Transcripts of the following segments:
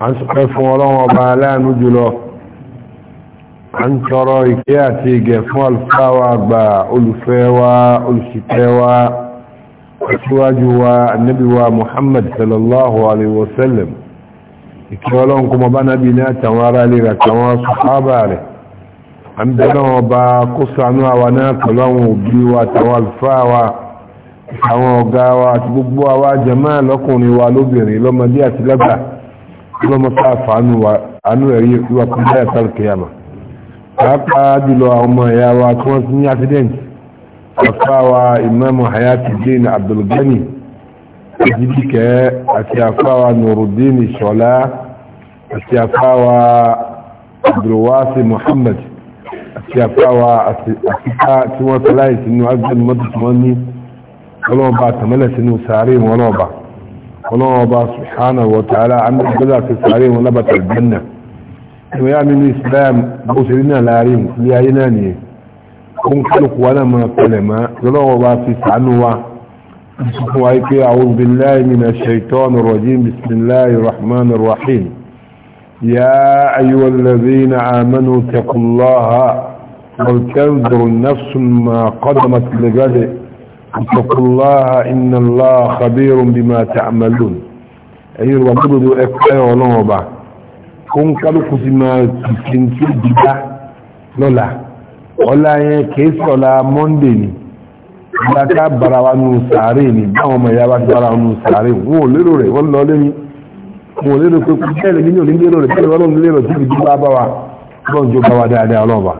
a ń sọ́pẹ́ fún ọlọ́wọ́ ọba aláàánú jùlọ a ń tọrọ ìkẹ́ àti ìgẹ̀ fún alfáwà àgbà olùfẹ́ wa olùsìkẹ́ wa aṣíwájú wa annabi wa muhammad sallallahu alaihi wasallam ìkẹ́ ọlọ́run kọmọ bá nábi ní àtàwọn ará lè ràtàwọn àwọn ọ̀gá wa àti gbogbo àwa jàmáà lọ́kùnrin wa lóbìnrin lọ́mọdé àti lágbàá lọ́mọ sáfà àánú ẹ̀rí ìwà kan báyà sáré kìyàmà pàápàá jùlọ àwọn ọmọ ẹ̀yà wa tí wọ́n ti ní accident àfáwa ìmáàmù hayatuddin abdulgani ìjìbìkẹ́ àti àfáwa nuruddin ṣọlá àti àfáwa abdulwasi muhammad àti àfáwa àfíkà tí wọ́n tẹ́láì sínú agbẹ́nu mọ́tò tí wọ́n ní ọlọ́ọ̀bá àtàmọ́lẹ̀ sínú sàárè wọn ọlọ́ọ̀bá حلو الله سبحانه وتعالى عمد بدا في السعرين ونبت الجنة انو من الاسلام بوسرين الارين لي ايناني كون خلق ولا ما قلما جلو الله في سعنوا انسفوا اعوذ بالله من الشيطان الرجيم بسم الله الرحمن الرحيم يا ايها الذين امنوا اتقوا الله ولتنظر النفس ما قدمت لجده اتقوا الله ان الله خبير بما تعملون اي وقبض اكفاء ونوبة كون كالوكو سما تسلنتي بدا لولا ولا كيس ولا مونديني bàtà bara wa nù sàárè ni báwọn ọmọ ìyá wa ti bara nù sàárè wọn lérò rẹ wọn lọ lémi wọn lérò pé kí bẹ́ẹ̀ lè ní òní lérò rẹ bẹ́ẹ̀ lọ́nà lérò tí ìdíjú bá bá wa lọ́njọ́ bá wa dáadáa ọlọ́ọ̀bà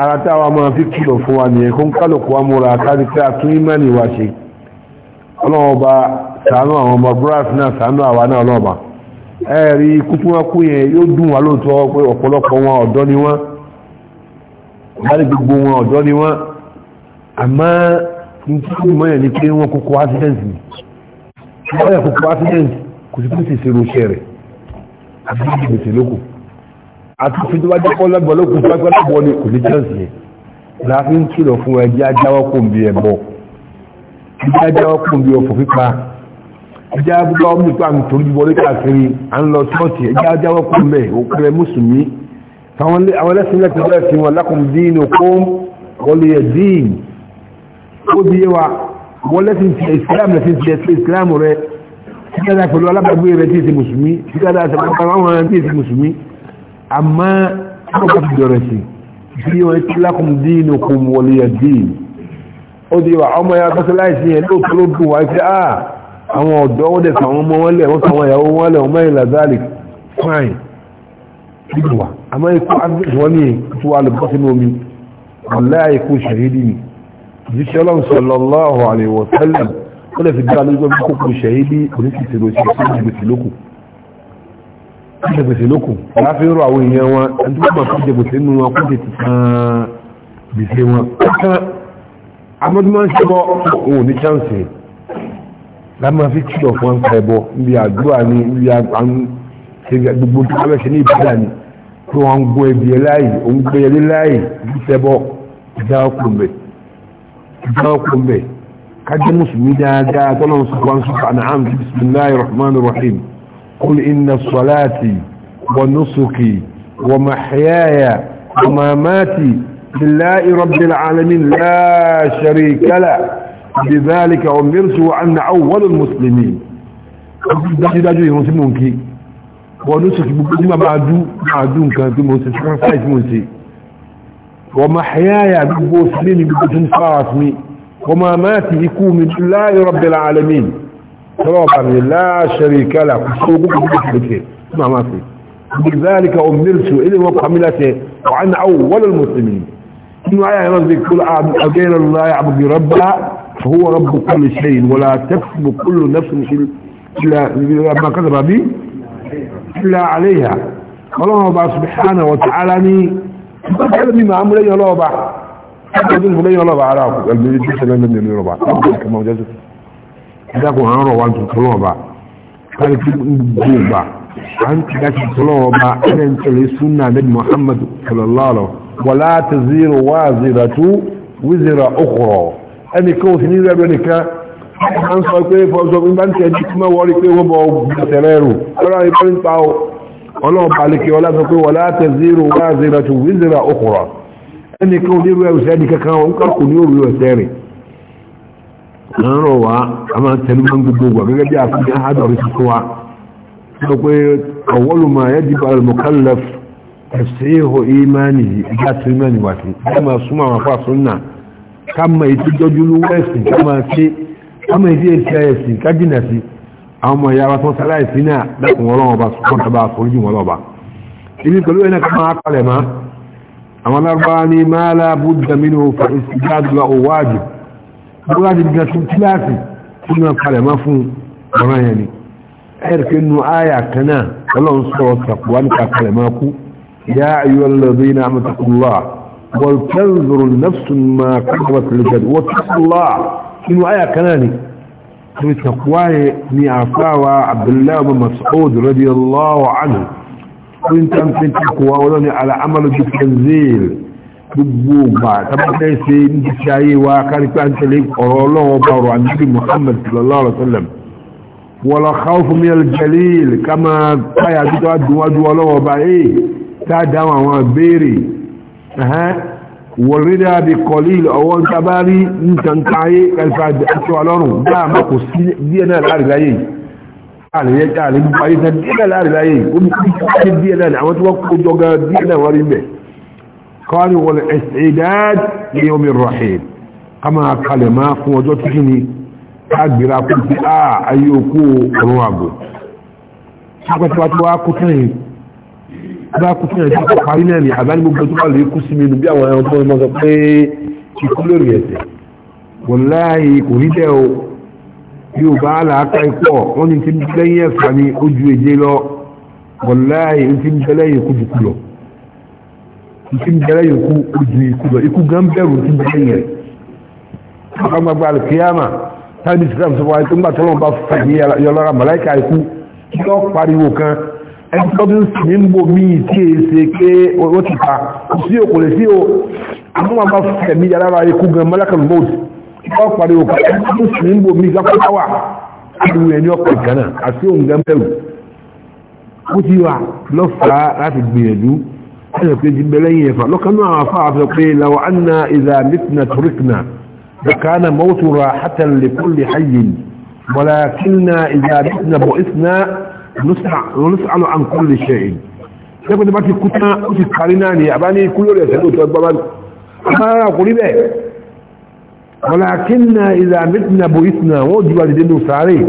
ara táwa máa fi kìlọ̀ fún wa nìyẹn kó ń kálùkù wa múra kárí pé àtún ìmẹ́ni wa ṣe ọlọ́ọba ṣàánú àwọn ọmọ brass náà ṣàánú àwa náà ọlọ́ọba ẹ̀rí ikú tí wọ́n kú yẹn yóò dùn wá lóòótọ́ pé ọ̀pọ̀lọpọ̀ wọn ọ̀dọ́ ni wọ́n láti gbogbo wọn ọ̀dọ́ ni wọ́n àmọ́ ní tí ó mọ̀ yẹn ni pé wọ́n kókó accident ni wọ́n yẹ kókó accident kò sí pé sì ṣe ròṣẹ́ rẹ̀ àbí ìgbèsè lókùn àti fi tó bá jẹ́ pọ́lẹ́gbọ́ ló kún pẹ́pẹ́lẹ́gbọ́ ní kò ní jẹ́sì yẹn láti ń kìlọ̀ fún ẹjẹ́ ajáwọ́kùn bí ẹ̀bọ̀ ẹjẹ́ ajáwọ́kùn bí ọ̀fọ̀ pípa ẹjẹ́ ajáwọ́kùn tó àmì torí wọlé káàkiri à ń lọ ṣọ́ọ̀tì ẹjẹ́ ajáwọ́kùn bẹ́ẹ̀ òkúrẹ́ mùsùlùmí àwọn ẹlẹ́sìn lẹ́tọ̀ bẹ́ẹ̀ fi wọn lákùn dín okó wọlé dín ó bí wa wọ́n lẹ́sìn ti amma aka fi dọ̀rọ̀ sí bí wọ́n ti lakum dinukum waliya din ó di wà ọmọ ya bá sáláìsí yẹn ló tó ló dùn wá sí à ah, àwọn ọ̀dọ́ wọ́n dẹ̀ sàwọn ọmọ wọn lẹ̀ wọ́n sàwọn ìyàwó wọn lẹ̀ wọ́n mẹ́rin fine dídùn wa àmọ́ ikú agbègbè ní tó wà lè bọ́ sínú omi ọ̀lá ikú ṣàhídì ni jíṣẹ́ ọlọ́run sallallahu alaihi wa sallam ó lè fi dá lójú ọmọ kókò ṣàhídì oníṣìṣẹ́ lóṣìṣẹ́ lóṣìṣẹ́ lókùn jẹgbèsè lókù láàfin rọ àwọn èèyàn wọn ẹni tó bá fún jẹgbèsè nínú wọn kó tètè kan gbèsè wọn kan amọ́dúnmọ́ ń ṣẹbọ òun ò ní chance lámà fi kìlọ̀ fún ọ̀nà ẹ̀bọ níbi àdúrà ni níbi gbogbo tó bá ṣe ní ìbílẹ̀ ni tó wọn ń gbọ́ ẹbí ẹ láàyè òun gbé ẹlé láàyè ní ṣẹbọ ìjà ọkùn bẹ̀ ìjà ọkùn bẹ̀ kájẹ́ mùsùlùmí dáadáa tọ́lọ́ قل إن صلاتي ونسكي ومحياي ومماتي لله رب العالمين لا شريك لا بذلك أمرت وأن أول المسلمين ونسكي بكما ومحياي بكما مسلمين بكما مسلمين وماماتي يكون من الله رب العالمين لا شريك له ما في بذلك أمرت إلي وقملته وعن أول المسلمين إنه آية ربك كل أغير الله يعبد ربها فهو رب كل شيء ولا تكسب كل نفس إلا ما كتب به إلا عليها الله سبحانه وتعالى ان بكلمي ما عمل لي الله بعد أجل لي الله بعد أعرف قلبي يجب أن لم يلي كما وجدت ìdákùn àwọn ọ̀rọ̀ wa ń tuntun lọ́ọ̀ba kárí kí n gbogbo e ọba à ń tìka sí tọ́lọ́ọ̀ba ẹ̀rẹ́ ń tẹ̀lé súnà nabi muhammad sallallahu alaihi wàlá ti zero wá zero two wízera okòrò ẹnì kan òsì ní rẹ́rù nìkan a ń sọ pé fọ́sọ̀ nígbà tí ẹni tí wọ́n wọ́rí pé wọ́n bọ̀ tẹ̀lé rù lọ́rọ̀ ìbọn ń pa ọlọ́ọ̀ba àlekè ọlá sọ pé wàlá ti zero wá zero two wízera okòrò ẹnì kan òní rẹ́rù sẹ́ni kankan ó kọ́ àárọ̀ wa a máa tẹnu mọ́ gbogbo wa gẹ́gẹ́ bí àfihàn àádọ́rí tuntun wa sọ pé ọ̀wọ́lù máa yẹ́ dìbò al-mukallaf ẹ̀sẹ̀hò ìmánì ìjà tó ìmánì wà sí ká máa súnmọ́ àwọn afọ́ àsúnnà ká máa ètò jọjú lówó ẹ̀sìn ká máa ṣe ká máa ètò ètò ẹ̀sìn ká jìnà sí àwọn ọmọ ìyá wa tó sáláìsí الواجب يا أيها الذين أمتقوا الله والتنظر النفس ما كبرت لجد واتقوا الله في آية كناني تقواه من عصا وعبد الله بن مسعود رضي الله عنه وانت انت تقوى ولني على عمل بالتنزيل gbogbo ògbà tábàtẹ́ ṣe ní ti ayé wa kárípá ń tẹ̀lé ọ̀rọ̀ ọlọ́wọ́ bá ọ̀rọ̀ àmì muhammad sallallahu alaihi wasallam wọ́n lọ káwọ́ fún mílẹ̀ jalil ká máa káyà tó dúnwájú ọlọ́wọ́ bá eh, ẹ̀ tá a dáhùn àwọn béèrè wọ́n rí dáa bí kọ́líl ọwọ́ ń tábà rí nǹkan قال والاستعداد ليوم الرحيل كما قال ما فوجو تكني اغبرا كنت اه ايوكو رواغو سبت واتوا كتني ba ku tún ẹ̀jọ́ parí náà ni àbá ní gbogbo tó bá lè kú sí mi nù bí àwọn ẹran tó mọ́ sọ pé ikú lórí ẹ̀sẹ̀ kò láàyè kò rí lẹ́yìn ẹ̀fà ni lọ ìtí bẹ̀rẹ̀ yòókù ojú ikú lọ ikú gan bẹ̀rù ti bẹ̀rẹ̀ yẹn agbagba alikiyama tábìlì islam sọ wáyé tó ń gbà bá fẹ̀mí yọlọ́ra màláìka ikú kí pariwo kan ẹni tó ń sì ní tí è ṣe pé ó ti pa kò sí òkò lè sí o àmọ́ wọn bá fẹ̀mí yọlọ́ra ikú gan màláìkàlù mọ́t kí lọ́ pariwo kan ẹni tó ń sì ní ń bo míì gáfáwà ariwo ẹni ọ̀pẹ̀ gánà àti òun gan bẹ̀rù ó ti wà lọ́fà láti gbìyànjú هذا أيوة، يجب بلين يفعل لو أنا إذا متنا تركنا لكان موت راحة لكل حي ولكننا إذا متنا بؤسنا نسأل عن كل شيء لكن ما في كتنا وفي كاريناني أباني كل يوم يسألوا تبابان طيب ما أقولي به ولكننا إذا متنا بؤسنا وجوا لدينو ساري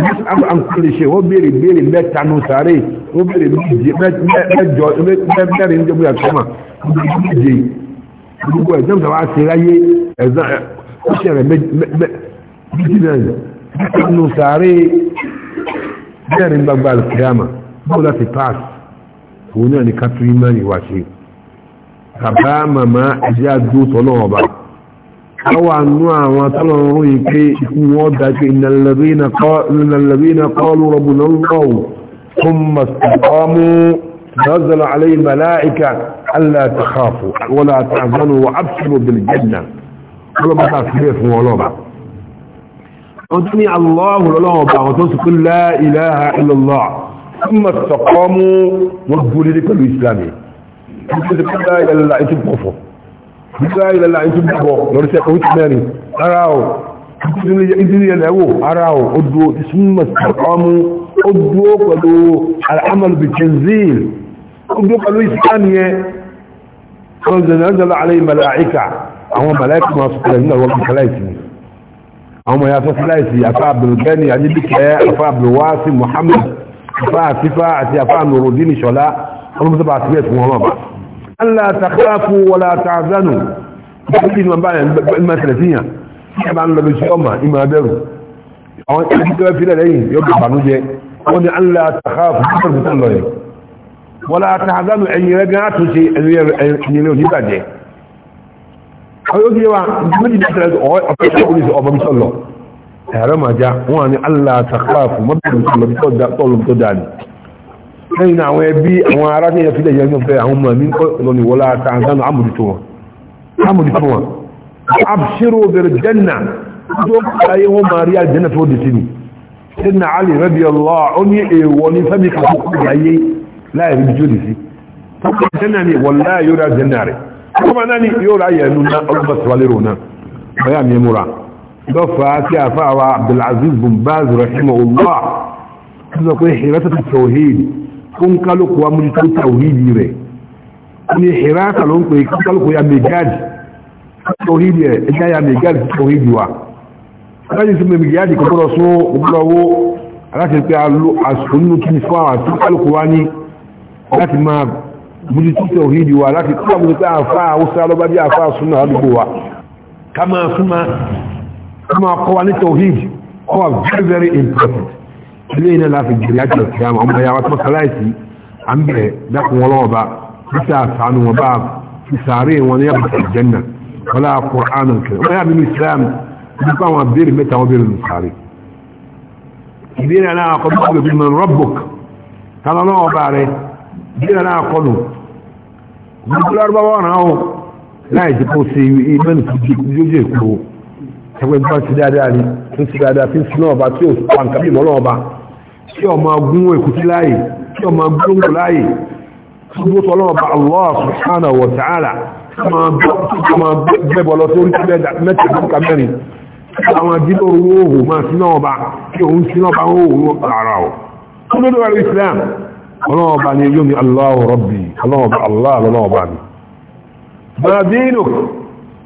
نسأل عن كل شيء وبيري بيري بيت عنو ساري ó bèrè méje mẹ́jọ mẹ́rin jẹ́ bóyá kọ́mà méje gbogbo ẹ̀ jẹ́mùsà wá ṣe láyé ẹ̀zá ó ṣe rẹ̀ méjì náà nínú sàárè mẹ́rin gbagba alkiyama bóyá láti pass òun náà ni kátó ìmánì wá ṣe bàbá màmá ẹ̀jẹ̀ àdó tọ́lọ́ ọba àwọn àánú àwọn atọ́lọ́run yìí pé ikú wọn dájú ìnàlẹ́bí na kọ́ lórí rọ̀bùnà lọ́wọ́ ثم استقاموا نزل عليه ملائكة ألا تخافوا ولا تحزنوا وأبشروا بالجنة كل ما تعرفين في ولوبة وتني الله لولوبة وتقول لا إله إلا الله ثم استقاموا وقفوا لذلك الإسلامي لا إله إلا الله أنتم كفر لا إله إلا أنتم أدوا ثم استقاموا ó dúró pẹ̀lú al'amal bi tanzil ó dúró pẹ̀lú ìsìkániyẹ kan zanzala alayhi mala'ika àwọn mala'ika ma sọ pẹ̀lú àwọn kalaisi àwọn ya sọ kalaisi afa abdulgani ajibike afa abdulwasi muhammad afa atifa àti afa nurudini ṣọlá ọmọ mọ́sọ́bà àti bẹ́ẹ̀ fún wọn bá allah takhlafu wala ta'zanu ìgbàlódé ni wọn bá yẹn ìmọ̀ sẹ̀lẹ̀síyàn àwọn ìgbàlódé wọn lẹ́yìn yóò bí ìbànújẹ́ wọ́n ni allah takhafu fún ìtàn lọ́yẹ̀ wọ́n la tahzanu ẹ̀yìn rẹ̀ gan àtúnṣe ẹ̀yìn rẹ̀ oníbàjẹ́ àwọn yóò yẹwa méjì dáṣẹ́ ọ̀fẹ́ ìṣẹ́ ọba bí sọ́lọ̀ ẹ̀rọ máa já wọ́n ni allah takhafu mọ́bìnrin sọ́lọ̀ lẹ́yìn àwọn ẹbí àwọn ará tí ẹ̀fílẹ̀ yẹn fẹ́ àwọn ọmọ mi lọ ni wọ́n la tahzanu wọn amòdìtò wọn abṣírò bẹ̀rẹ̀ jẹ́nà tó ayé wọn máa rí àjẹ́nà tó dì ni sẹ́dínà alì rẹ́bí ọlọ́ ó ní èèwọ̀ ní fẹ́mi kan fún ìyáyé láìrí bí jódì sí tọ́kọ̀ jẹ́nà ni wọ́n láà yóò rà jẹ́nà rẹ̀ tọ́kọ̀ máa náà ni yóò rà yẹnu ná ya megad tawhid rẹ̀ ya megad tawhid wa láti sí mẹ́bí yáàdì kọ́kọ́rọ̀ só gbọ́lọ́wọ́ láti pé àsìkò nínú kí ní fún àwọn àti kálùkù wá ní láti máa bójú títẹ̀ òhìdì wa láti tí àwọn pé àfá àwúsá lọ́bá bí àfá súnà àdúgbò wa ká very very important ilé iná láti gèrè àti ìkìyàmọ̀ ọmọ ya wa tó mọ́sáláìsì à ń bẹ̀rẹ̀ dákun wọn lọ́wọ́ bá títà àsánú wọn bá wọ́n yà nínú ìsìlámù nípa àwọn abéèrè mẹ́ta wọ́n béèrè nìkàrí ìbéèrè aláàkọ́ bí ọgbẹ̀bí mọ̀ rọ́bùk tánà náà ọba rẹ̀ ìbéèrè aláàkọ́ nù gbogbo lárúbáwọ́ ọ̀ràn áwọ̀ láì jẹ́ kó ṣe ìgbẹ́ nìkàjí lójú èkó ẹgbẹ́ tó ti dáadáa ni tó ti dáadáa tí ń sin ọba tí ò pa nǹkan bí mọ́lọ́ ọba tí àwọn àdílò owó òhùn máa sí náà ọba kí òun sí náà bá ń òhùn ara ọ̀ tó lórí wà islam ọlọ́ọ̀bá ni yóò ní aláwọ̀ rọ́bì ọlọ́ọ̀bá aláàlọ́ọ̀bá ni bàbínú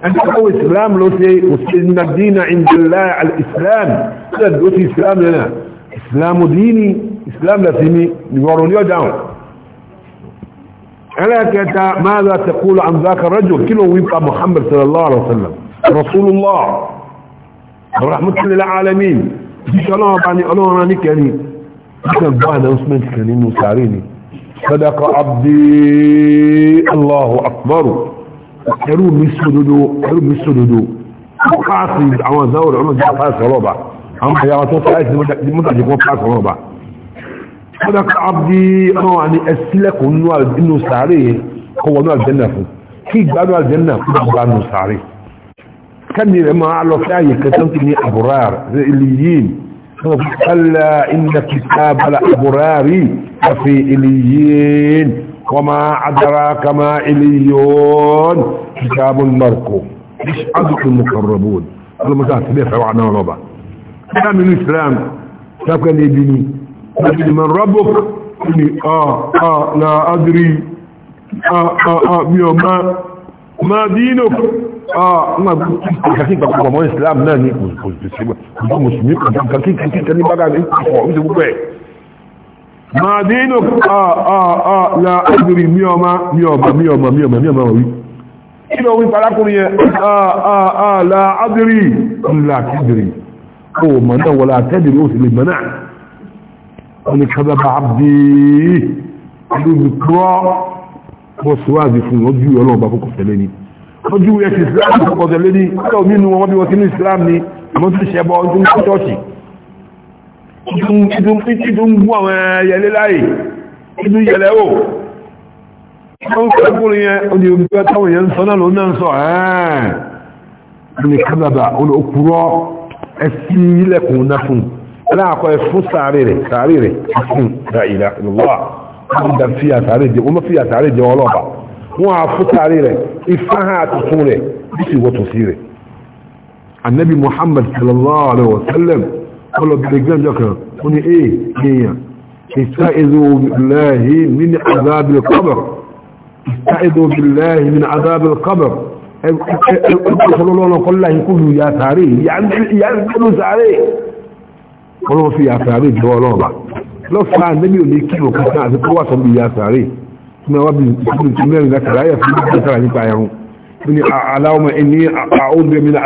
ẹjọ́ islam ló ṣe òṣèlúnà dínà ìjìnlá al-islam tó ti islam lẹ́nà islam dínì islam láti ní ìwọ̀rùn ní ọjáun ẹlẹ́kẹta máa za tẹ̀kúlù àmzáka rajò kí ló wípa muhammad sallallahu alaihi wasallam rasulullah rahmatullahi alamin jíṣẹ́ ọlọ́wọ́ bá ní ọlọ́wọ́ rán ní kẹrin nígbà gbọ́ announcement kan nínú sàárè ni sadaqa abdi allahu akbar ẹrù mi sódodo ẹrù mi sódodo káàsì àwọn ìzáwòrán ọmọ ìjọba káàsì ọlọ́ba àwọn àyàwó tó sáyẹ̀sì mọ́tàjì kan káàsì ọlọ́ba sadaqa abdi ọmọ wa ní ẹsílẹ̀kùn كان ما له شيء كتبتني أبرار إليين قال إن كتاب الأبرار في إليين وما أدراك ما إليون كتاب مركو مش أدرك المقربون هذا مساعد سبيح وعنا ونوبة من الإسلام كتاب كان يبني من ربك قلني آه آه لا أدري آه آه آه ما ما دينك Ah, ma kàkí ìgbàgbọ́ ọmọ islam náà ní òṣìṣẹ́gbà mùsùlùmí kàkí kàkí kàní bága ní ìpọ̀ ní gbogbo ẹ̀ ma dínú ah, ah, la agbèrè mí ọmọ mí ọmọ mí ọmọ mí ọmọ mí ọmọ orí kí lọ wí parákùnrin yẹn la agbèrè ńlá kẹgbèrè ó mọ̀ náà wọ́la tẹ́bìrì ó sì lè mọ̀ náà wọ́n ni kọ́dá bá bí i lóbi kúrọ́ mọ́ síwáàzì fún ọjọ́ ọlọ́ọ̀bá kókò tẹ́lẹ̀ ni ojú ẹ̀sì islam ọ̀pọ̀tẹ̀ lé ní ọ̀pọ̀ nínú wọn bí wọ́n tí ní islam ni àmọ́ tí ṣẹbọ ọdún ṣọ́ọ̀ṣì títún gbú àwọn ẹyẹlé láyé títún yẹlẹ́ ò wọ́n kọ́kùnrin yẹn o ní ojú ẹ̀tàwọn yẹn sọ náà lónà sọ ẹ̀ẹ́n kábàbà olókùrọ̀ ẹ̀sí ilẹ̀kùn náà fún aláàkọ́ ẹ̀ fún sàárè rẹ̀ sàárè rẹ̀ fún ìlà ìlà ìlúwà wọ́n á fútàrí rẹ̀ ìfáhà tuntun rẹ̀ bí sì wọ́tò sí rẹ̀ annabi muhammad sallallahu alaihi wasallam ọlọ́bìnrin gbẹ́jọ kan ó ní èè kéèyàn ìsáìzò billahi min azabil qabr ìsáìzò billahi min azabil qabr ẹgbẹ́sọlọ́lọ́nà kọ́lá ikúlù ya sàárè ya ń gbẹ́lú sàárè ọlọ́run fi ya sàárè jọ ọlọ́ọ̀bà lọ́fà annabi ò ní kí kuma wabi kudin tumirin da kara ya fi da kara ni bayan ni alawma inni a'udhu min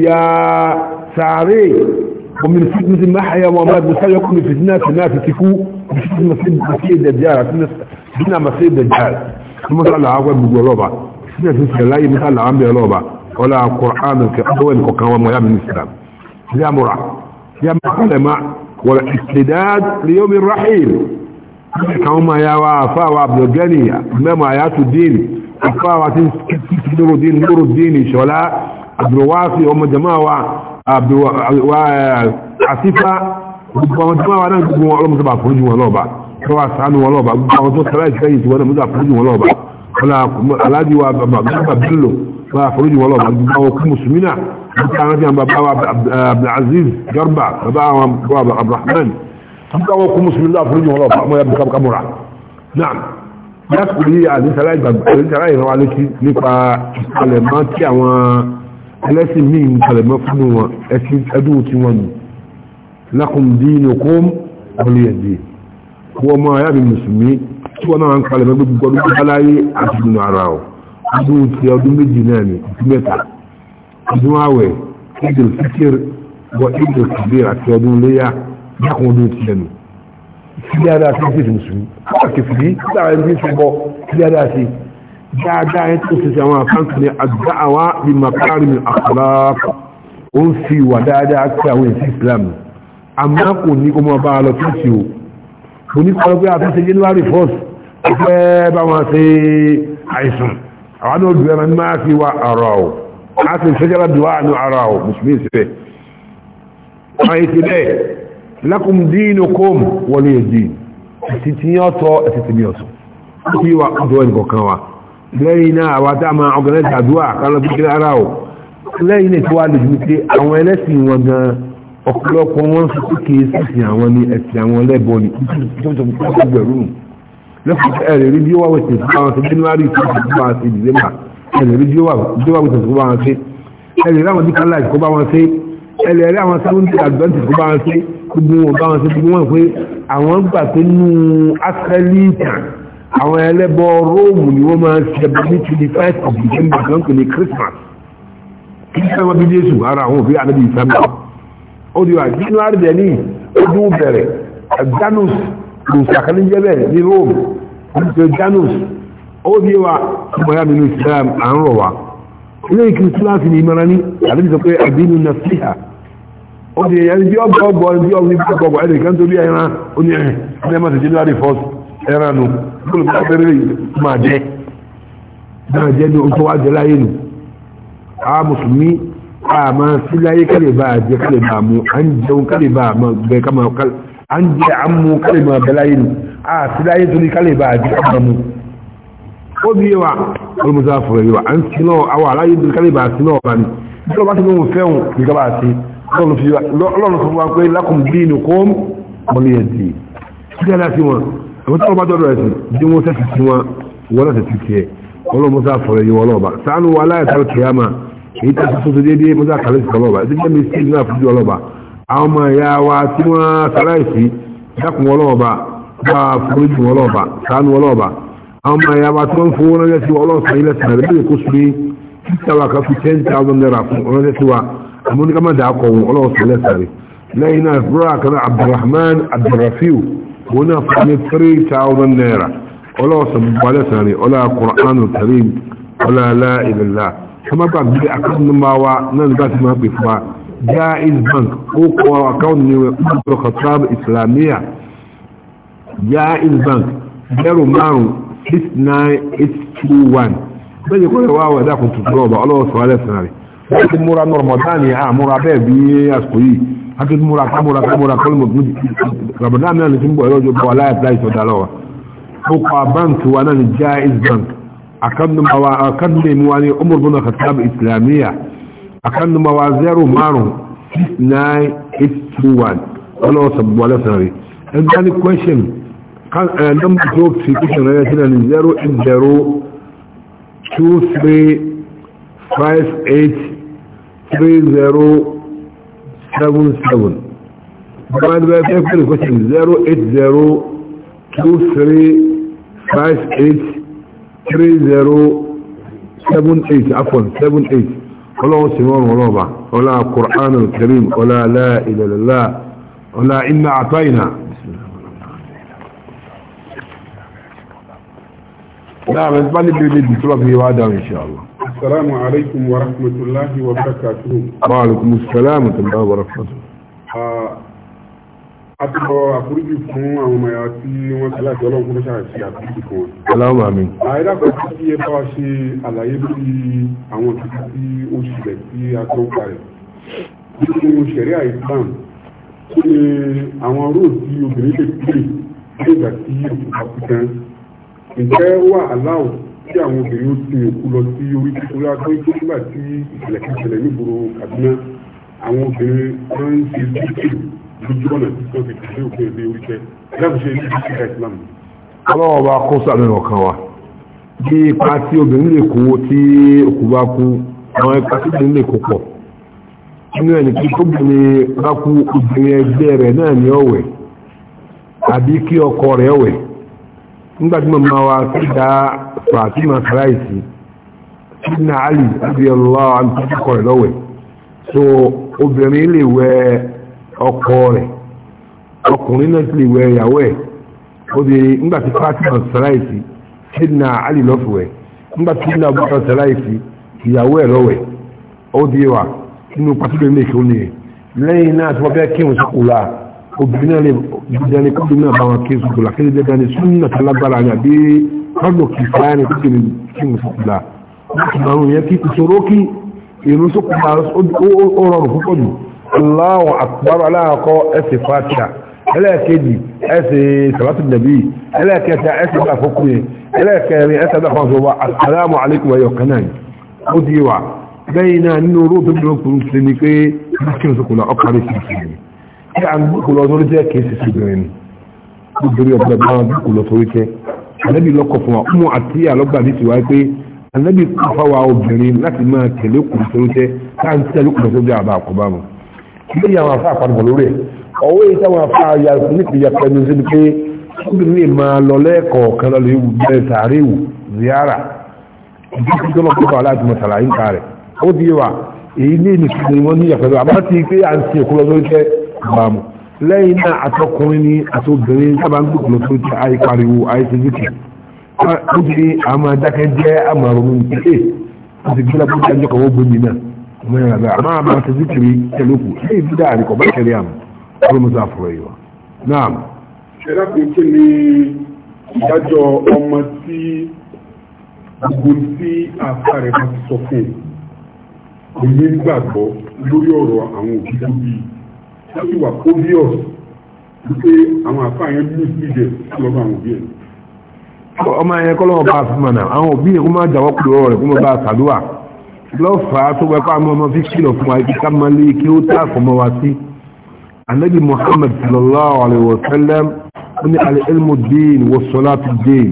azab ومن فتنة المحيا ومات مسال يكون فتنة الناس تفو بفتنة مسيح الدجال فتنة مسيح الدجال المسألة عقوة بقول الله فتنة مسيح الله مسألة عام الله ولا القرآن الكريم هو القرآن الإسلام لا مرعب جمع علماء والاستداد ليوم الرحيل كما يا وافا وعبد الغني امام ايات الدين وفا نور الدين نور الدين شولا عبد الوافي هم جماعه عبد وعصيفه هم جماعه انا هم سبع فروج ولا با سواء سانو ولا با هم ثلاث كاين ولا مذا فروج ولا با aláàjì wa bàbá bello bá àforíjì wọ́lọ̀ bàbá òkú musulmi náà nípa rántí àwọn bàbá wa abdulaziz garba bàbá àwọn bàbá abdulrahman nípa àwọn òkú musulmi náà àforíjì wọ́lọ̀ bàbá ya bùkà kamura náà yàtò yí àdísára ìrànwá létí nípa ìpalẹ̀mọ́ tí àwọn ẹlẹ́sìn míì ń palẹ̀mọ́ fún wọn ẹ̀sìn ẹdún tí wọ́n nù lakum dinukum ọlẹ́yẹ̀dẹ̀ wọ́n mọ́ ayábi musulmi tí wọ́n náà ń kalẹ̀ mẹ́gbẹ́ gbogbo ọdún tó báláyé àti ìdùnnú ara ọ̀ ọdún ti ọdún méjì náà ni ọdún mẹ́ta ọdún àwẹ̀ ìdè fíkìr wọ ìdè kìbìr àti ọdún léyà dákun ọdún ti lẹ́nu sílẹ̀ adá sí ṣèṣì mùsùlùmí àti fìdí sílẹ̀ adá sí ṣe bọ́ sílẹ̀ adá sí dáadáa yẹn tó ṣe àwọn àkáǹtì ní àdáàwá ní makari ní àkàlákọ̀ ó ń fi wà dáadáa pé àwọn èsì Islam àmọ́ kò ní kó máa bá a lọ tó ṣe o kò ní kọ́ pé a fi ṣe January 1st ẹgbẹ́ bá wọn ṣe àìsàn àwọn náà dùn ẹran máa fi wa ara ọ̀ a sì ṣẹ́jára dùwà ní ara ọ̀ mùsùlùmí síbẹ̀ wọ́n yìí ti bẹ́ẹ̀ lakum dinukum wọlé èdè ẹ̀sì tí yọ́ tọ́ ẹ̀sì tí mi ọ̀tọ̀ kí wa ọdọ́ ẹnìkọ̀ kan wa lẹ́yìn náà àwọn tá a pé àwọn ẹlẹ́sìn wọn gan ọ̀pọ̀lọpọ̀ wọn sọ pé kì àwọn ní ẹ̀sìn àwọn ẹlẹ́bọ ni tó tó gbẹ̀rún lẹ́fọ̀ọ́ ẹ̀rẹ̀ rí bí ó wà wẹ̀sẹ̀ tó bá wọn ṣe january tó bá wọn ṣe december ẹ̀rẹ̀ rí bí ó wà wẹ̀sẹ̀ tó bá wọn ṣe ẹ̀rẹ̀ rí àwọn deacon life kó bá wọn ṣe ẹ̀rẹ̀ rí àwọn seventy advantage kó bá wọn ṣe gbogbo wọn bá wọn ṣe gbogbo wọn pé àwọn gbà pé nù asẹ́lítà àwọn ẹlẹ́bọ róòmù ni wọ́n máa ṣe bá ní twenty five of december kan kò ní christmas kí sẹ́wọ́n wọn bí jésù ara àwọn òfin àdébí ìsàmì ó di wa january dẹ̀ ní ojú bẹ̀rẹ̀ janus ìṣàkàní jẹ́bẹ̀ ní rome àti janus ó bí wa ọmọya nínú islam à ń rọ̀ wá ilé ìkiri kíláàsì ní ìmọ̀ra ní àdébìsọ pé àbínú na síhà ó di ẹ̀yẹn bí ọgbọ̀ ọgbọ̀ bí ọgbọ̀ ọgbọ̀ ọgbọ̀ ẹ̀rẹ̀ kan tó bí ẹran ó ní ẹ̀rẹ̀ ní ẹmọ́ sí january 1st ẹran nu kúrò bí ọgbẹ̀rẹ̀ máa jẹ́ náà jẹ́ ní oṣù wá jẹ́ láyé nu a mùsùlùmí a máa sí láyé kálẹ̀ bá jẹ́ kálẹ̀ bá mu à ń jẹun kálẹ̀ bá mọ̀ bẹ́ẹ̀ ká an jẹ́ àmú kalima belaye ni a ti láyé tó ní kalima àti àbàmù ó bí wa olùmọ̀sá fọ̀rọ̀ yíwa an sí náà awọ aláyé tó ní kalima àti náà bá ní ìjọba bá ti mọ̀ fẹ́hùn ní gaba àti lọ́nà fún wa pé lákùn bí ní kó mọ̀lẹ́ yẹn ti ṣíṣẹ́ láti wọn àwọn tó bá dọ́dọ̀ ẹ̀sìn bí wọ́n sẹ́sì sí wọn wọ́n lọ́sẹ̀ ti tiẹ̀ olùmọ̀sá fọ̀rọ̀ yíwa ọlọ́ba sánú wa láyé tó kìyàmà èyí tó ti tó déédéé mọ́sá kàlẹ́sì ọlọ́ba àwọn ọmọ ìyá wa tí wọ́n sáláìsí dákun ọlọ́ọ̀bà bá foríjì ọlọ́ọ̀bà sánú ọlọ́ọ̀bà àwọn ọmọ ìyá wa tí wọ́n fowó ránṣẹ́ sí ọlọ́ọ̀sán ilẹ̀ sàn rẹ̀ lóye kó sùúrì títà wa kan fi ten thousand naira fún ránṣẹ́ sí wa àmúnikámá dà kọ̀ wọn ọlọ́ọ̀sán ilẹ̀ sàn rẹ̀ lẹ́yìn náà búra kan abdulrahman abdulrafiu wọn náà fún mi three thousand naira ọlọ́ọ̀sán gbogbo alẹ́ sàn rẹ̀ ọlá kur'anu karim ọlá ìlẹ̀lá kọ́má gbàgbé akọ́nùmáwa jaiz bank ó kọ àkáùntì ní ọjọ́ khatab islamiyya jaiz bank zero márùn six nine eight two one bẹ́ẹ̀ ni kò lè wá wà dákun tuntun ọba ọlọ́wọ́ sọ alẹ́ sinari wọ́n ti múra ní ramadan yìí àmúra bẹ́ẹ̀ bí àsìkò yìí a ti múra kámúra kámúra kọ́lùmọ̀ ramadan náà ni ti ń bọ̀ ẹlọ́jọ́ bọ̀ aláìpẹ́ ìsọdá lọ́wọ́ hukuwa banki wa nan jaiz bank akan nemawa akan nemuwa ne umar bin khattab akan numa wa 09821 wala wasu wala sanari an gani question kan nan mutu fi kishin rana tana ne 08023583077 bayan da ya fi kwallon question 08023583078 afon 78 ولا سيمون ولا ما ولا قران الكريم ولا لا اله الا الله ولا ان اعطينا نعم بن بن في وعده ان شاء الله السلام عليكم ورحمه الله وبركاته وعليكم السلام ورحمه الله وبركاته atọ àforíjì fún àwọn ọmọ ẹ̀yà tí wọ́n ti láti ọlọ́run kúrò ṣàṣì àforíjì fún wọn. aláwọ̀ àmì. àìdàpọ̀ tí ẹ bá wa ṣe àlàyé lórí àwọn tuntun tí ó ṣẹlẹ̀ tí a tó ń parẹ̀. nínú ṣẹ̀ríà Islam kí ni àwọn róò tí obìnrin lè pè nígbà tí òkú bá kú tán. ǹjẹ́ wà aláwọ̀ tí àwọn obìnrin ó sin òkú lọ sí orí kíkúrú akọ́ ikú nígbà tí ìṣẹ̀lẹ̀ kíṣẹ̀lẹ̀ nígboro Kaduna àwọn obìnrin máa ń ṣe lójú ọ̀nà tí wọ́n ti kàlẹ́ òkè ilé orí tẹ́ láti ṣe ní ìṣẹ́ islam. ọlọ́wọ́ bá kó sàmì ọ̀kan wa bí ipa tí obìnrin lè kó tí òkú bá kú àwọn ipa tí obìnrin lè kó pọ̀ nínú ẹni kí tóbìnrin bá kú obìnrin ẹgbẹ́ rẹ̀ náà ní ọ̀wẹ̀ àbí kí ọkọ rẹ̀ ọ̀wẹ̀ nígbà tí màmá wa ti dá Fatima Karaisi Sidna Ali abiyallahu anhu kọ̀rẹ̀ lọ́wẹ̀ so obìnrin lè wẹ̀ ọkọ rẹ̀ ọkùnrin náà ti lè wẹ ìyàwó ẹ̀ ó di ńgbà tí Fatima sàláìsì sidna Ali lọ́fùwẹ̀ ńgbà tí sidna Abubakar sàláìsì ìyàwó ẹ̀ lọ́wẹ̀ ó di wa nínú lẹ́yìn náà tí wọ́n kí wọ́n obìnrin náà lè náà bá wọn kí Allahu akbar aláàkọ́ ẹsẹ̀ fàtíà ẹlẹ́ẹ̀kejì ẹsẹ̀ sàlátù nàbí ẹlẹ́ẹ̀kẹta ẹsẹ̀ bá fọ́kú yẹn ẹlẹ́ẹ̀kẹrin ẹsẹ̀ bá fọ́kú wa assalamu alaikum ayọ̀ kanáà ó ti wà bẹ́yìn náà nínú orú tó dúró kúrú sí ni pé kíkìrì tó kùnà ọkàrí sí sí ni kí à ń kùnà sórí jẹ́ kìí sí sí bẹ̀rẹ̀ ni nítorí ọ̀pọ̀ bá wọn kùnà sórí jẹ́ ànábì lọ́kọ̀ obìnrin láti máa tẹ̀lé kùnà sórí jẹ́ láti tẹ̀lé àbá àkọ́bá wọn ilé àwọn afá àpapọ̀ lórí ẹ̀ ọwọ́ èyí táwọn afá ya nípa ìyàpẹ́ ní sí pé obìnrin lè máa lọ lẹ́ẹ̀kọ̀ọ́ kan lọ́lọ́ ewu bẹ́ẹ̀ sàárè wù ziara ìdí tí tó lọ́kọ́ bàálà àti mọ̀sálà ń ka rẹ̀ ó di wa èyí ní nìkan ni wọ́n ní ìyàpẹ́ lọ àbá ti pé à ń sin èkó lọ sórí tẹ́ lẹ́yìn náà àtọkùnrin ni àtọbìnrin sábà ń gbòkùn lọ sórí àyè pariwo àyè ti dìkì ó di àmọ́ adákẹ́ jẹ́ àmọ́ àrùn mi ní pé ó ti gbé lápò kuma yana da amma ba ta zikiri ta luku sai bida ne ko ba shari'a mu kuma za ku rayuwa na'am shari'a kun ce ne ìdájọ́ ọmọ tí gbogbo tí àfàrẹ bá ti sọ fún un ilé gbàgbọ́ lórí ọ̀rọ̀ àwọn òbí tó bí láti wà obvious wípé àwọn àfàyàn nípìnlẹ̀ lọ́wọ́ àwọn òbí ẹ̀ ọmọ ẹ̀yẹ kọ́lọ́wọ́ bá a fún mọ̀nà àwọn òbí yẹn kó má jáwọ́ kúrò ọ̀rẹ́ kó má bá a sàdúrà lọ́fàá tó gbapá àwọn ọmọ fi kìlọ̀ fún àìkí ká máa lé kí ó tààkọ̀ mọ́ wá sí anábì muhammad sallallahu alaihi wasallam ó ní al'ilmu dín wa salatu dín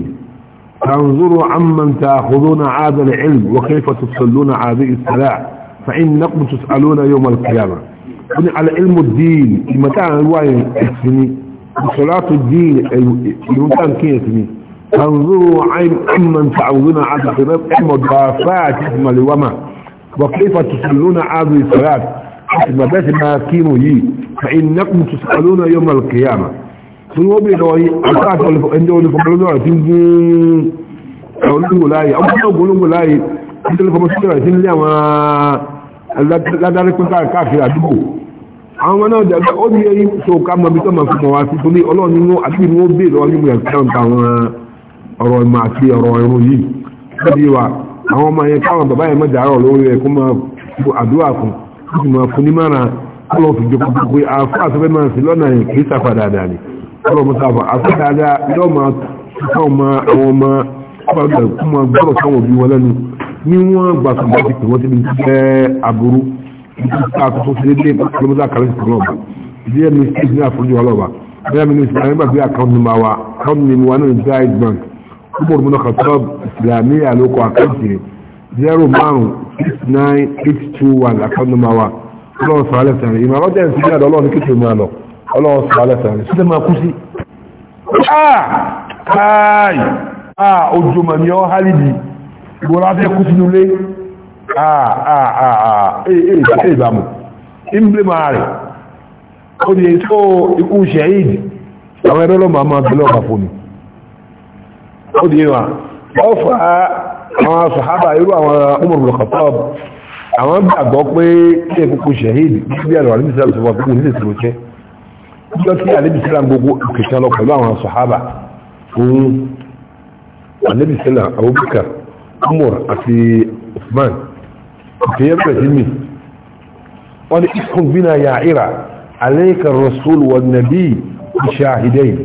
tanzuru amman ta'khuduna hadha al-ilm wa kayfa tusalluna hadhihi as-salah fa innakum tus'aluna yawm al-qiyamah ó ní al'ilmu dín imata ruwayin isini wa salatu dín imata kin isini tanzuru amman ta'khuduna hadha al-ilm wa kayfa tusalluna hadhihi as-salah وكيف تصلون هذه الصلاة بس ما كيمو يي فإنكم تسألون يوم القيامة ثم بيدوي أساس عنده لفقلنا تنجي أولو ولاي أولو قولو ولاي أنت لكم سكرة تنجي لا ذلك كنت كافر أدبو àwọn náà jẹ́ ó ní ẹyí tó ká mọ́ bí tó fún wa sí torí ọlọ́run nínú àti ìmú bèèrè ọlọ́run nínú ẹ̀kọ́ ìtàwọn ọ̀rọ̀ ìmọ̀ àti ọ̀rọ̀ ìròyìn lọ́dí àwọn ọmọ yẹn káwọn bàbá yẹn mọ́jà àárọ̀ lórí ẹ̀ kó máa àdúrà fún ó sì máa fún ní mọ́ra kọ́lọ̀ fi jọ pé àfọ́ àtọ́fẹ́ máa sí lọ́nà yẹn kìí sàfà dáadáa ni kọ́lọ̀ mọ́ sàfà àfọ́ dáadáa yóò máa fún ọmọ àwọn ọmọ ọgbàgbà kó máa gbọ́rọ̀ sáwọn òbí wọn lẹ́nu ní wọ́n gbà tó bá ti pè wọ́n ti ní jẹ́ àbúrú nípa àtúntò sí dédé umar muna khattab islamiyya ló kọ àkáǹtì zero márùn six nine eight two one àkáǹtì máa wà ọlọ́run sọ alẹ́ sàrẹ̀ ìmọ̀ ọlọ́jà ìsìn ní àdọ́ ọlọ́run ní kékeré máa lọ ọlọ́run sọ alẹ́ sàrẹ̀ sílẹ̀ máa kú sí. Ah! káàyì ah! ojú mà ní ọ́ hálìdì ìwọ́n láti kú sínú ilé ee ah! ìbámu àwọn ẹ̀rọ lọ́mọ àmọ́ abẹ́lẹ́ fún mi ó di wa ó fa àwọn sàhábà irú àwọn Umar bin Khattab àwọn gbàgbọ́ pé kí ẹkùnkùn shahid bí àlọ́ àlébí sílẹ̀ sọ fún ní ìṣòro jẹ́ ọjọ́ kí àlébí sílẹ̀ gbogbo kìtàn lọ pẹ̀lú àwọn sàhábà òun àlébí sílẹ̀ Abubakar Umar àti Uthman kìí bẹ̀rẹ̀ sí mi wọ́n ni ìkùn bínà ya'ira rasul wan-nabi shahidayni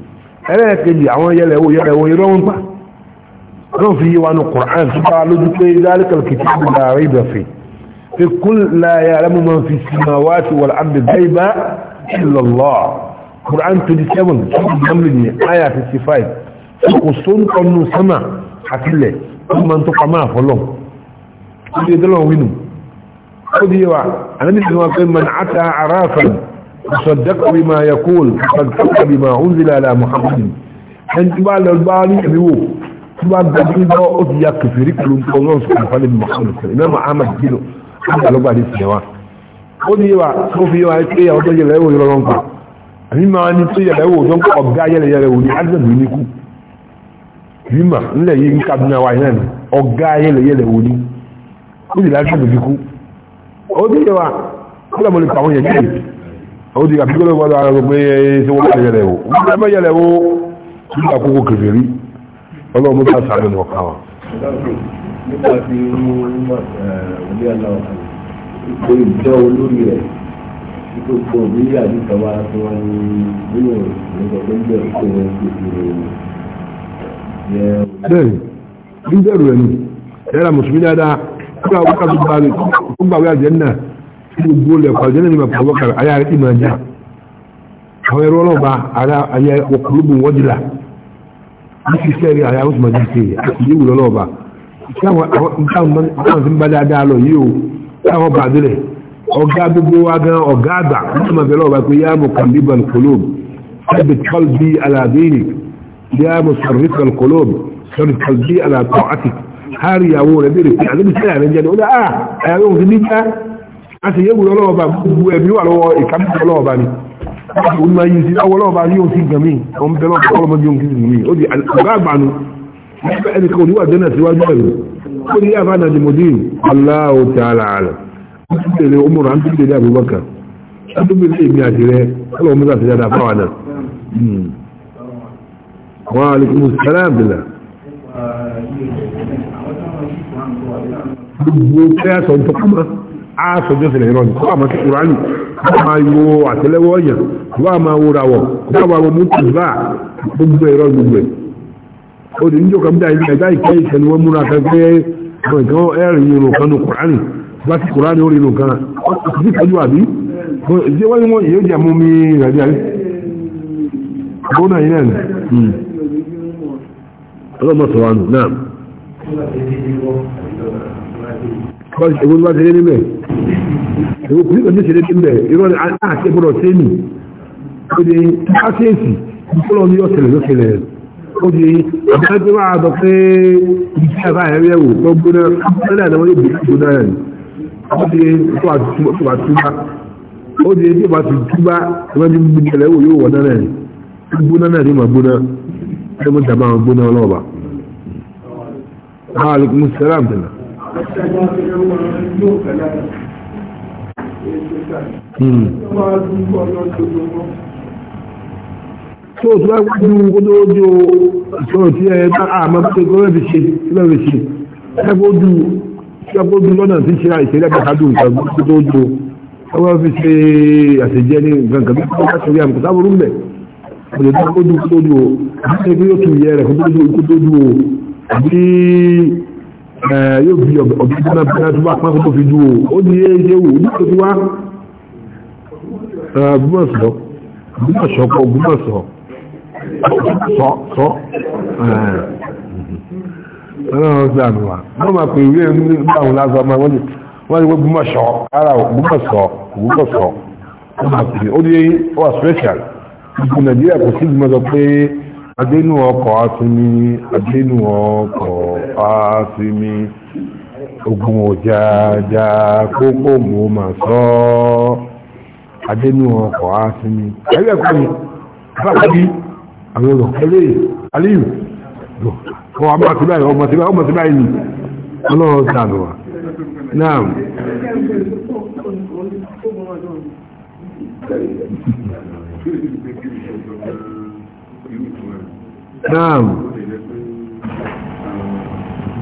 ẹlẹ́ẹ̀kejì àwọn yẹlẹ̀wò yẹlẹ̀wò irọ́ ń pa ọlọ́run fi yíwa ní Qur'an sípa lójú pé zalikal kitabu la rayba fi fi kul la ya'lamu man fi samawati wal ardi ghaiba illa Allah Qur'an 27 sọ́kùnrin ní àyà 55 kò sóun kọnu sama àtìlẹ̀ wọ́n máa ń tọ́ka máa fọlọ́ ó di ẹjọ́ lọ́wọ́ wínú ó di yẹwa ànábìsí wọn pé man ata arafan تصدق بما يقول تصدق بما أنزل على محمد أنت بعد الباري أبيو بعد ذلك أطيا كفريك لنتوضون سبحانه محمد إمام عامد جلو حتى لو بعد السنوات قولي يوا صوفي يوا يتقيا إيه وطجل لا يوهي لنكو مما أن يتقيا لا يوهي لنكو أبقى يلا يلا يوهي عزم ينكو مما لا ينكبنا وعينان أبقى يلا يلا يوهي قولي لا يوهي لنكو قولي يوا كلا ملك عون يجيب ó ti àbí gbọ́dọ̀ gbọ́dọ̀ ara gbogbo ẹyẹ tí wọ́n bá yẹlẹ̀ wò wọ́n bá yẹlẹ̀ wò ní àkókò kẹfẹ́ rí ọlọ́run mú bá sàánù ní ọ̀kan wọn. nípa ti mú ọdí aláwọ̀ ìpò ìjọ olórí rẹ̀ ipò ìpò òbí àti ìkàwá tí wọ́n ní nínú ìgbàgbọ́ gbẹ̀gbẹ̀ ìpò wọn ti fi rẹ̀ bẹ́ẹ̀ni bí bẹ́ẹ̀rù rẹ̀ ni ẹ̀rọ mùsùlùmí dáadáa kó gbàgbé àjẹ́ náà gbogbo lẹ́kọ̀ọ́ àjẹ́ náà ni bàbá Abubakar ayé àrẹ́tì máa jà àwọn ẹ̀rọ ọlọ́ba ara ayé ọkùnrin wọ́dìlà ní ṣiṣẹ́ rí ayé àwọn ọmọdé ṣe àtìlẹ́ ìwúlọ́ ọlọ́ba táwọn ti ń bá dáadáa lọ yìí o táwọn bá délẹ̀ ọ̀gá gbogbo wa gan ọ̀gá àgbà nígbà máa bẹ̀rẹ̀ ọba pé yá mo kàn bí ban kolob ẹbí tọ́l bí aláàbíyì yá mo sọ̀rọ̀ ban kolob sọ̀rọ̀ tọ́l bí aláàtọ̀ àti hárí ìyàwó rẹ̀ bèrè pé àdébísẹ́ àrẹ́jẹ́ ni ó dá a sì yẹ́ wùlọ́ lọ́wọ́ba gbogbo ẹ̀bí wà lọ́wọ́ ìkàmùsọ̀ lọ́wọ́ba ni wọ́n máa yìí sí ọwọ́ lọ́wọ́ba ní òun sí gan mí ọmọ bẹ́ẹ̀ lọ́wọ́ ọlọ́mọ bí òun sí gan mí ó di àgbà àgbàánu ẹni kan oníwà dẹ́nà síwájú ẹ̀rù ó ní yàrá náà di mọ̀dín Allahu ta'ala àlọ́ ó tún bèrè Umar à ń tún bèrè Abubakar hmm. gbogbo kẹ́yà sọ̀tọ̀ kọ́mọ́ aṣojú sílẹ̀ ìrọ̀ ní kọ́wàá mọ́sí kúránì máa wo àtẹ́lẹ́wọ́ ọ̀yàn kọ́wàá máa wo rawọ̀ kọ́wàá wo mútùbá gbogbo ìrọ̀ gbogbo ẹ̀ ó di níjọ́ kan bí i ẹ̀dá ìkẹ́ ìṣẹ́ ni wọ́n múra kan pé àwọn ìkan ẹ̀rìn yìí nìkan ní kúránì bá ti kúránì ó rí nìkan ọ̀sán ti tọ́jú àbí ṣé wọ́n ní wọ́n yóò jẹ́ mú mi ìrìnàjò àrí yìí náà ọlọ́mọ sọ̀rọ̀ àná ti rí níbẹ̀ èwo kúrò oníṣẹ́lẹ̀ tí ń bẹ̀rẹ̀ irọ́ àti ẹgbọ́dọ̀ sẹ́ni ó di káṣíyèsí ìfọ́lọ́ ní ọ̀sẹ̀lẹ̀ lọ́sẹ̀lẹ̀ ó di àbájọ́ máa dọ̀ pé iṣẹ́ àbá ẹ̀rẹ́ wò tó gbóná lọ́dà náà wọ́n yóò bìí gbóná rẹ̀ ó di tó bá túbá ó di tó bá túbá wọ́n ti gbìyànjú wò yóò wọ́n náà gbóná náà ní ma gbóná ẹ̀rọ mọ́ta máa gbóná ọlọ́ọ̀bà. Alaikum tó tó bá wájú olóòjò ìṣòro tí ẹ bá àmọ́ pé gọ́ọ̀rẹ́ fi ṣe sílẹ̀ fi ṣe ẹgbójú ẹgbójú lọ́nà tí ṣe àìṣẹ́lẹ̀ bàkádù nǹkan tó jò ọwọ́ fi ṣe àṣẹjẹ́ ní nǹkan bí wọ́n bá ṣe rí àmì kò sáwọn rúmẹ̀ kò lè dá kó dùn kó tó jò ó àti ẹgbẹ́ yóò fi ọ̀bí gbọ́nà bí wọ́n bá pọ́n tó fi dúró ó di ẹyẹ wò ní kò tí wá gbọ́mọ̀sọ́ gbọ́mọ̀sọ́ kọ gbọ́mọ̀sọ́ sọ sọ ọlọ́run sí àmì wa wọ́n máa wọ́n ni wọ́n ara gbọ́mọ̀sọ́ gbọ́mọ̀sọ́ wọ́n máa pè ó di wà special gbogbo nàìjíríà kò sí ìgbìmọ̀ sọ pé adénú ọkọ̀ àti ní adénú ọkọ̀ fàásìmí ogun òjàjà kókó mò mà sọ adénú ọkọ̀ àásìmí ẹgbẹ́ kọ́ mi báyìí àwọn olùkọ́lé aliyu kọ́ ọmọ àti báyìí ọmọ àti báyìí ni ọlọ́run sàánù wa náà Naam.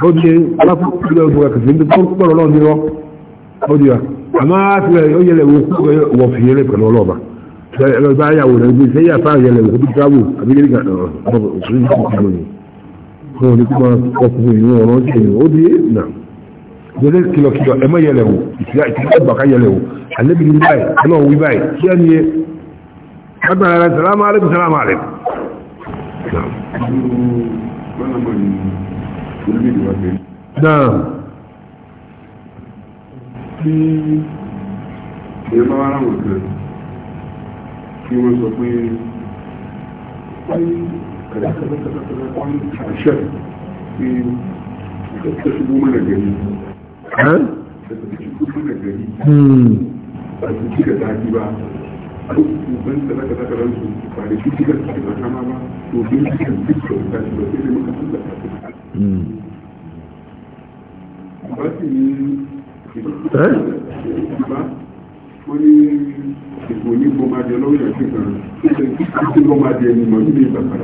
ó di aláfúnilẹ̀ ọdún akẹsẹ̀ ní tó pọ̀rọ̀ lọ́wọ́ nírọ́ ó di wa àmọ́ àfihàn ó yẹlẹ̀ wọ fi yẹlẹ̀ pẹ̀lú ọlọ́ọ̀bà ẹ̀rọ bá yàwó rẹ̀ gbé sẹ́yà fáà yẹlẹ̀ wọ́n ti dáwò àbí yẹlẹ̀ kan ọ̀rọ̀ òṣèlú ìkọ̀ọ̀kan ni wọn ni kuma ọkùnrin ìwọ̀n ọ̀rọ̀ ṣe wò ìtìlẹ̀ báyìí ọlọ́run wí báyìí kí á niyẹ agbára rẹ̀ sàlámà alẹ́bi sàlámà alẹ́bi olúbi ni wọ́n gbé. náà bí èèyàn bá wá ráwọn kan kí wọ́n sọ pé wọ́n kàdákàdákàdá wọ́n àṣẹ pé ẹ̀ẹ́dẹ́gbẹ́ mọ́nà gẹ̀ẹ́ni. ẹ̀ẹ́dẹ́gbẹ́ mọ́nà gẹ̀ẹ́ni. àti kí kẹta kí bá a duk ban da zaka zaka ran su ba da shi da ke da kama ba to bin shi kan duk da ta shi ba sai muka san da ta ba shi ne ba wani ìgbòní bọmadé lọ́wọ́ yẹn kan títí bọmadé ẹni mọ̀ níbi ìgbàgbà.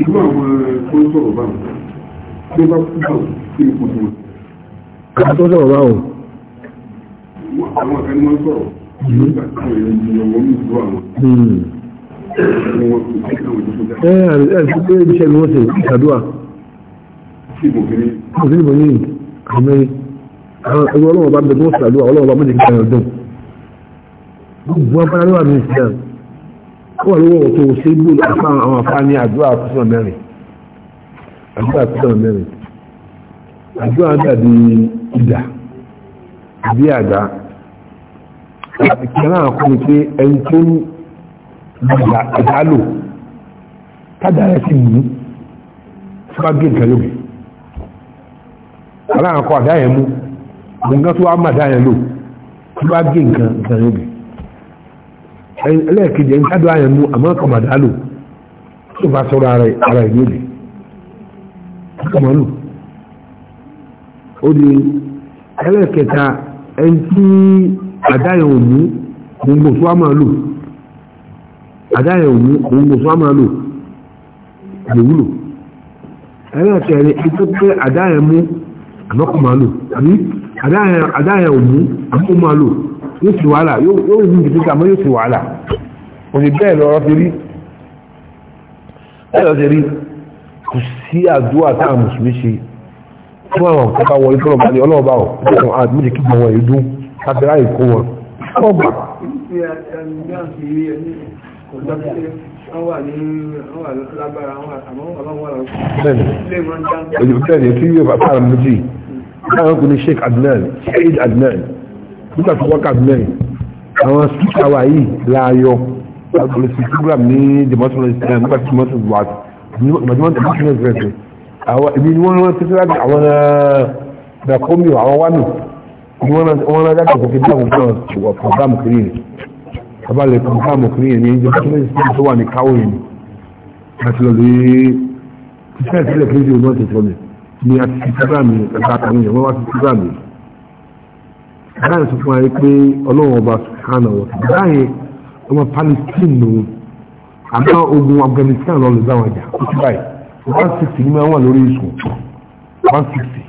irú àwọn tó ń sọ̀rọ̀ báwọn tó bá kú báwọn sí ipò tó wọn. àwọn tó ń sọ̀rọ̀ báwọn àwọn ọ̀fẹ́ mọ́ sọ̀rọ̀ hmm. nígbà táwọn èèyàn ju ọwọ́ mú ìlú àwọn ẹ̀sùn hmm. pé iṣẹ́ ni wọ́n ṣe ìṣàdúrà kò sí ìbòmí àmì àwọn ẹgbẹ́ ọlọ́wọ́ bá bẹ̀rẹ̀ wọ́n ṣàdúrà ọlọ́wọ́ bá mọ́ jẹ́ kíkà ọdún gbogbo abáráwà ní ìsìlẹ̀ ó wà lówó tó ṣe gbó àpá àwọn afá ní àdúrà àtúnṣe mẹ́rin àdúrà àtúnṣe mẹ́rin àdúrà dàbí ìdà àbí àdá àti kẹrán àkọlù pé ẹni tó ń gbàgbà ìdálò tádà rẹ̀ sì mú tí wọ́n gé nǹkan lóbi aláwọn akọ àdá yẹn mú nǹkan tó wá má dá yẹn lò tí wọ́n gé nǹkan nǹkan lóbi ẹlẹ́ẹ̀kejì ẹni tádà yẹn mú àmọ́ kọ̀ má lò tí wọ́n bá sọ̀rọ̀ ara ẹ̀ lóbi kọ̀ má lò ó di ẹlẹ́ẹ̀kẹta ẹni tí àdáyẹ̀ òmú òǹgbò tó a máa lò àdáyẹ̀ òmú òǹgbò tó a máa lò àdèwúlò ẹlẹ́ẹ̀kẹ́rin ètò pé àdáyẹ̀ mú àmọ́kù máa lò àbí àdáyẹ̀ òmú àmọ́kù máa lò yóò sì wàhálà yóò rí ìdíkà mọ́ yóò sì wàhálà òní bẹ́ẹ̀ lọ́rọ́ ti rí ẹ̀rọ ti rí kò sí àdúrà táà mùsùlùmí ṣe fún àwọn kọ́kọ́ wọlé tọ́lọ̀ bá ọlọ́ọ̀bá ọ̀ kàdírà ìkó wọn ó gbà. bẹ́ẹ̀ni tí yóò bá fara méjì báwọn kò ní Sheikh Adnan Sheikh Adnan nígbà tó wọ́n Adnan àwọn síkà wà yìí láàyò àgbẹ̀lẹ̀ sí program ní demonstration islam nígbà tí wọ́n ti wà majumọ́ demonstration àwọn ibi ni wọ́n rántí sí láti àwọn ẹ̀ẹ́dàkómi eh, àwọn wánù wọ́n rájá kò fi dáhùn náà wà pàdámù kiri ni ni ìjọba tó lẹ́yìn sí tó wà ní káwọ̀ yìí láti lọ lè iṣẹ́ ìpínlẹ̀ kiri ìwọ̀n ti tọ́lẹ̀ ní àti sísígbàmì ẹ̀ka àtàwọn èèyàn wọ́n wá sísígbàmì dáhùn sọ fún wa pé ọlọ́run ọba afghanistan lọ lè bá one sixty ní máa wà lórí one sixty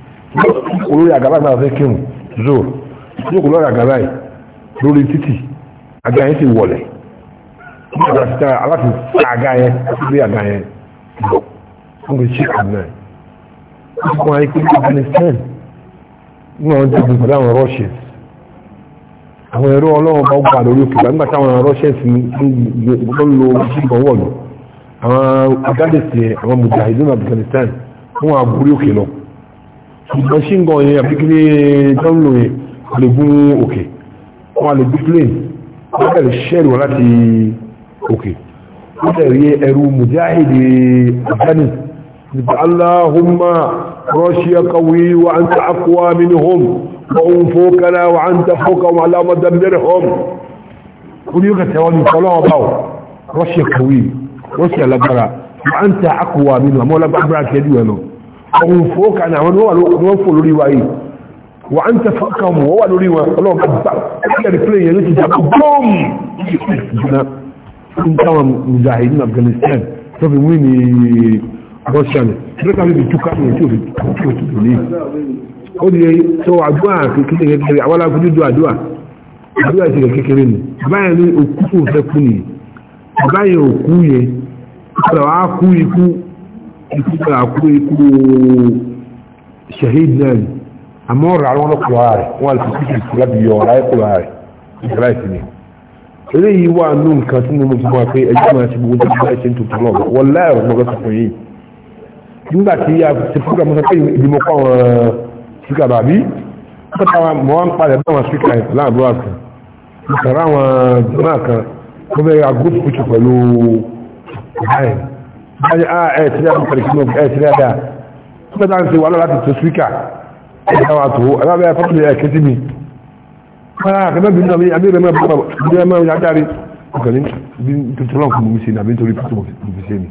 olórí àgàbàgbà fẹ́ kírun zoo jókòó lọ́rọ̀ àgàrà ẹ̀ lórí títì àga yẹn ti wọlẹ̀ aláti àga yẹn sílé àga yẹn lọ wọ́n lè ṣe àná ẹ̀ wọ́n ti kọ́ ayé pé Afghanistan ní àwọn jẹ́gun pẹ̀lú àwọn Russians àwọn ẹ̀rọ ọlọ́wọ́ bá gbà lórí òkè gbàgbà táwọn Russians ń lo ṣíbọn wọ̀lú àwọn Afghanistan àwọn mujahideen Afghanistan wọ́n á gúrí òkè lọ ṣùgbọ́n ṣíngọ̀ yẹn àfikiri tọ́lù yẹn a lè gún òkè wọ́n a lè gbé plane wọ́n bẹ̀rẹ̀ ṣẹ́rì wọ́n láti òkè wọ́n bẹ̀rẹ̀ ẹrù mujahidi afghani nípa aláhùnmá rọ́ṣíà kawí wa an ta akwa mini hom wa un fokana wa an ta foka wa alama dambir hom wọ́n yóò kẹta wọn kọlọ́ ọba o rọ́ṣíà kawí rọ́ṣíà labara wa an ta akwa mini hom wọ́n labara kẹ́dùwẹ̀ náà àwọn òfòókà ní àwọn wọ́n fò lórí wa yìí wà á ń tẹ́ fọ́kà mọ̀ wọ́n wà lórí wa ọlọ́ọ̀bá bá ẹgbẹ̀rẹ̀ pílẹ̀ yẹn ló ti jàpá bọ́ọ̀mù ìjìnà ń táwọn mùjáhìdì ní Afghanistan tó fi wí ní Russia ní ẹgbẹ́ta fi túká ní tí òfin tí ó tutù ní ó di tó àdúrà kékeré kékeré àwọn aláfojú do àdúrà àdúrà ti rẹ̀ kékeré ni báyẹn ní òkú tó fẹ́ kú nìyí báyẹn òkú yẹn ó ìtúgbà àkú ikú shahid náà ni àmọ́ ọ̀rọ̀ àwọn ọlọ́kùnrin ara rẹ̀ wọ́n àti títí ìtura bí yọ ọ̀rọ̀ ayẹ́kùnrin ara rẹ̀ ìjọba ìsìn ni eléyìí wà nù nǹkan tí mo mú fún wa pé ẹjọ́ máa ṣe gbogbo tí wọ́n ṣe ń tuntun náà wọ́n láàrọ̀ mọ́ lọ́sọ̀ fún yìí nígbà tí a ti fúnra mọ́ sọ́kẹ́ ìdìmọ̀ kọ́ àwọn síkà bàbí pátá mọ́ ń palẹ̀ bá wọn síkà láàbúrò àkàn ìkàrà àwọn jọmọ́ àkàn wọ́n fẹ́ agúrúfù pẹ̀lú ìbáyìí ayé ah ẹ̀ ti dáa pẹ̀lú kìlọ̀ ẹ̀ ti dáa tó dáa ń ṣe wàhálà láti tó síkà ẹ̀ dáa wà tó alábẹ́ fọ́tò ẹ̀ kẹ́tì mi kọ́lá àkẹ́bẹ́ bí nàbí abẹ́rẹ́ mẹ́ bọ́ bí ẹ̀mẹ́ ọ̀yá dárí ọkàní bí tuntun náà kò mú mi sí ní àbí nítorí fọ́tò mi fi ṣe mi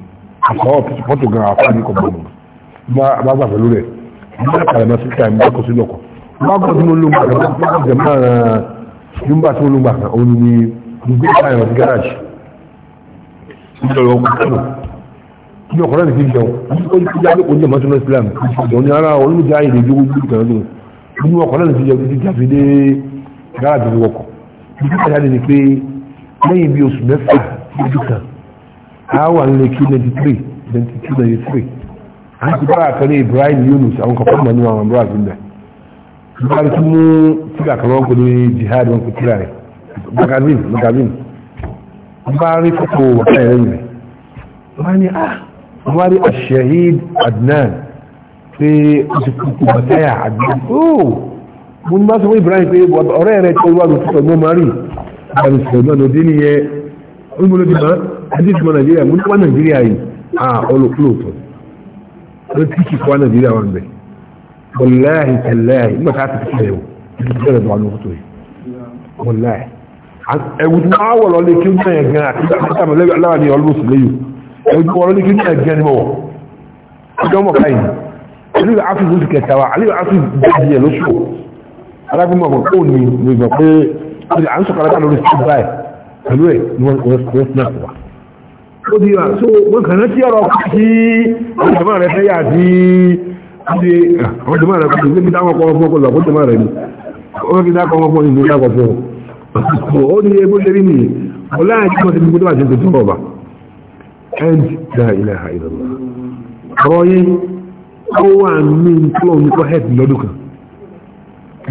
àṣọ fọ́tò gan afá ní kọ̀ọ̀bọ̀n mu bá gbà pẹ̀lú rẹ̀ bí wọ́n kàlẹ́ mọ́ síkà mi kọ́ sí lọ́kọ̀ wọ́n gbọ́ sínú olóńgbà kan wọ́n jẹ̀ mọ́ nígbà tí olóńgbà òun ni gbígbé káyọ̀ sí gáràjì ní ọkùnrin àti ìjẹun ó ti jáde kò ní ọmọ sọmọ Islam ìjọ ní ara olùjá èdè ìjọ gbogbo ìgbà lọ́dún nínú ọkùnrin àti ìjẹun ti jáde dé gára àti ìwọkọ̀ ní kíkà jáde ni pé lẹ́yìn bí oṣù mẹ́fà lójú kan a wà nílé kí ninety three ninety two ninety three a ti bára kan ní Ibrahim Yunus àwọn kan fọ́ọ̀mù àwọn àbúrò àti ìgbà nígbà tí mú tíga kan wọn kò ní jihad wọn kò tíra rẹ̀ magazine magazine wọn bá rí fọ́tò wọ́n ká ẹ̀rẹ́ wọ́n rí àṣẹ̀hìd adnan pé ó ti kú kú bàtáyà adnan ooo mo ní bá sọ fún ibrahim pé ọ̀rẹ́ rẹ̀ tó wà lọ títọ̀ mọ́ mari ẹ̀rù sọ̀rọ̀ ló dé nìyẹn olùmọ̀ lójú mọ́ adéjì mọ́ nàìjíríà mo ní wá nàìjíríà yìí à olùkúlò tó ló ti kì kọ́ nàìjíríà wọn bẹ̀ wọláhì tẹ̀láhì nígbà tá a ti kíkẹ́ ẹ̀wò ní bẹ́ẹ̀ lọ́wọ́ àwọn fótó yìí wọláhì ẹ̀wù tí wọ́n wọ̀ lọ kí ó ń tẹ̀yẹ̀ gan àti ẹgbẹ́ ọ̀rọ̀ ní kí ní ẹgbẹ́ ni mọ̀wọ̀ ọjọ́ mọ̀ káyì alíwẹ̀ áfíìsì ló ti kẹta wa alíwẹ̀ áfíìsì dáadé ẹ̀ lóṣù arábìnrin ọmọ kó ní ìgbà pé à ń sọ kárátà lórí sí báyìí pẹ̀lú ẹ̀ ní wọ́n snap wa ó di wa so wọ́n kàn rántí ọ̀rọ̀ kí àwọn jọmọ́ rẹ̀ fẹ́ yà sí ṣe àwọn jọmọ́ rẹ̀ kọ́ níbi táwọn kọ́ fún ọkọ̀ jọmọ́ rẹ̀ ni wọ́n fi dákọ̀ fún ìlú dákọ̀ fún and la ilaha illallah ọ̀rọ̀ yìí ó wà ní ìpínlẹ̀ oníkọ́ head lọ́dún kan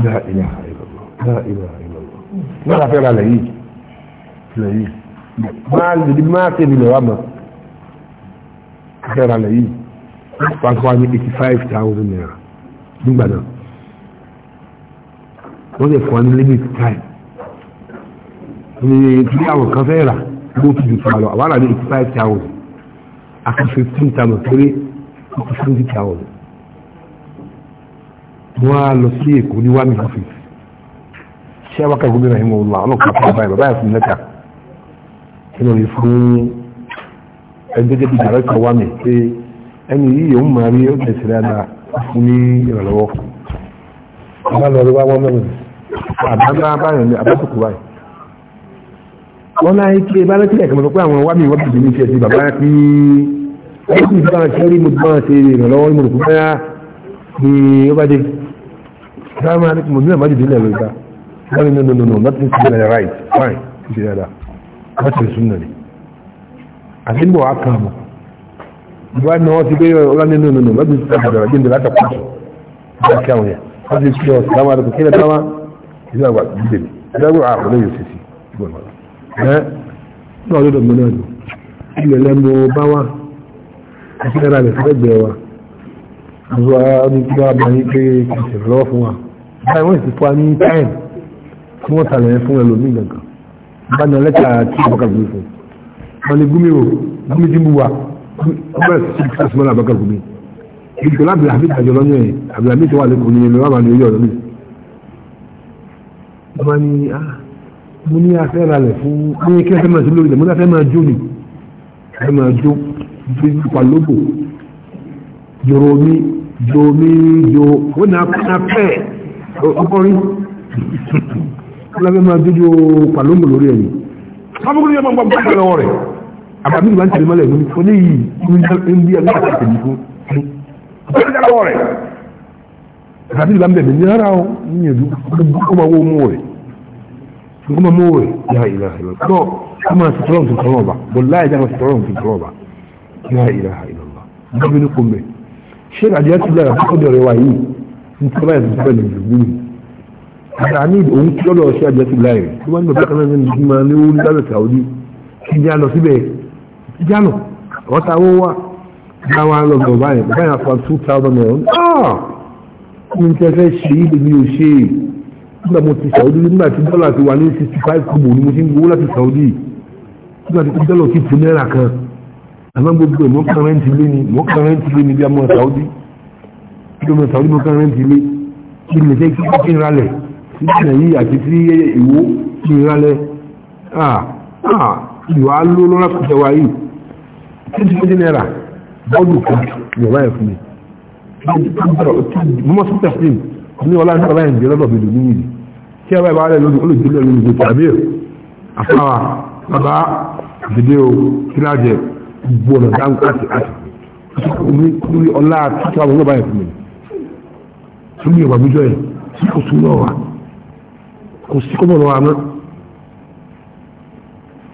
la ilaha illallah la ilaha illallah náà láfẹ́ ra lẹ́yìn lẹ́yìn máa lè máa tẹ̀ nílẹ̀ wà mọ́ láfẹ́ ra lẹ́yìn wọ́n fún wa ní eighty five thousand naira nígbà náà wọ́n lè fún ní limit time àkànṣe fún ìtàmọ̀ péré fún fún ìtà ọ̀rọ̀ wọ́n á lọ sí èkó ní wàmí ọ́fíìsì ṣé awakà gómìnà ìmọ̀ ọ̀la ọlọ́kùnrin fún bàbá ìbàbá ìfún lẹ́tà nínú yìí fún ẹgbẹ́jẹ́ bíi dàrẹ́kọ̀ wàmí pé ẹni yìí yóò máa rí ó tẹ̀sí dáadáa fún ní ìrànlọ́wọ́. àbálọ̀ ọ̀rọ̀ wá wọ́n mẹ́rin àbámá báyọ̀ ní abátòkù báyìí wọ́n náà kí ẹ bá rántí ẹ̀kan mọ̀ pé àwọn wábì wábì ìdílé ṣe ti bàbá tí wọ́n sì bá ṣe rí mo bá ṣe ìrànlọ́wọ́ ìmọ̀ òkú báyà ni ó bá dé sáwọn àríkù mo nílẹ̀ májèlé lẹ̀ lóta wọ́n ní no no no nothing to be right fine kì í ṣe dáadáa wọ́n ti sùn nàlẹ̀ àti ń bọ̀ wá kàn mọ̀ ìwà ni wọ́n ti gbé ọlá ní no no no nothing to be right dáadáa gbẹ̀ndẹ̀ láti pàṣẹ wọ́n ti àwọn yẹn wọ́n ti sọ sáwọn àríkù kí ẹ́ náà lọ́dọ̀ mi náà ilẹ̀ lẹ́nu bá wà àti ẹ̀rọ àlẹ́ fẹ́gbẹ̀ẹ́ wa àwọn ọdún tí wọ́n bá ní pé kò sì lọ́wọ́ fún wa báyìí wọ́n sì fún wa ní táìm tí wọ́n sàlẹ̀ fún ẹlòmíì gangan bá ní ọlẹ́ta tí àbọ̀kà gbé fún wọn ni gúmi o gúmi ti ń bu wa ọgbẹ́ sí kásìmọ́lá àbọ̀kà gúmi ìgbìkọ̀ lábìlà àbí ìtàjọ lọ́yọ̀ ẹ̀ àbìlà mi ti wà lẹ́kùn ní ẹ̀rọ ah, àbàlẹ̀ mo ní afẹ́ ra lẹ̀ fún ní kí afẹ́ máa ṣe lórí rẹ̀ mo ní afẹ́ máa jó ni afẹ́ máa jó bí palóbò jòrò mi jò mi jò ó nà á pẹ́ ọkọrin lábẹ́ máa dójú palóbò lórí ẹ̀yìn sábúkú ní ọmọ gbọ́ gbọ́ gbọ́ lọ́wọ́ rẹ̀ àbàmì ìgbà ń tẹ̀lé mọ́lẹ̀ mi ó ní yìí ń bí àti àtẹ̀lé fún mi ọ̀gbẹ́ ìgbà ń bẹ̀ mí ní rárá o ní ìyẹn dúró ó mú rẹ̀ kuma mowe la ilaha illallah ko kuma sitron tun tọrọ ba wallahi da sitron tun tọrọ ba la ilaha illallah gabi ni kumbe shi da ya tsaya ko da rewayi in tsara ya tsara ne dubi da ni da un tsoro shi da tsaya ne kuma ne ba kana ne ma ne un da saudi ki ja lo sibe ki lo o ta da wa lo go ba ba ya fa 2000 ah min te fe shi bi mi o shi nígbà mo ti Saudi nígbà tí dọ́là ti wà ní sixty five kobo ni mo ti ń gbowó láti Saudi nígbà tí dọ́là ti tu náírà kan àmọ́ gbogbo ẹ̀ mọ́ kan rẹ́ǹtì lé ni mọ́ kan rẹ́ǹtì lé ni bí a mọ́ Saudi bí ọmọ Saudi mọ́ kan rẹ́ǹtì lé kí ni ṣe kí n ralẹ̀ sí ìṣẹ̀lẹ̀ yìí àti sí ìwó kí n ralẹ̀ ìwà ló lọ́la kò jẹ́ wa yìí twenty twenty naira bọ́ọ̀lù kan yọ̀wá ẹ̀ fún mi. mo ní ọlá ní ọlá ìjẹ́ lọ́dọ̀ mi lòmí yìí kí ẹ bá ibà rẹ̀ lónìí olùdílé lónìí kò tàbí ẹ̀ àfáwà bàbá dìde o kíláàjẹ gbogbo ọ̀nà dáhùn àti àti omi lórí ọlá títí àwọn ọlọ́ba ẹ̀ fún mi tún ní ìwà gbíjọ ẹ̀ tí kò sún náà wà kò sí kọ́mọ̀ lọ́wọ́ àmọ́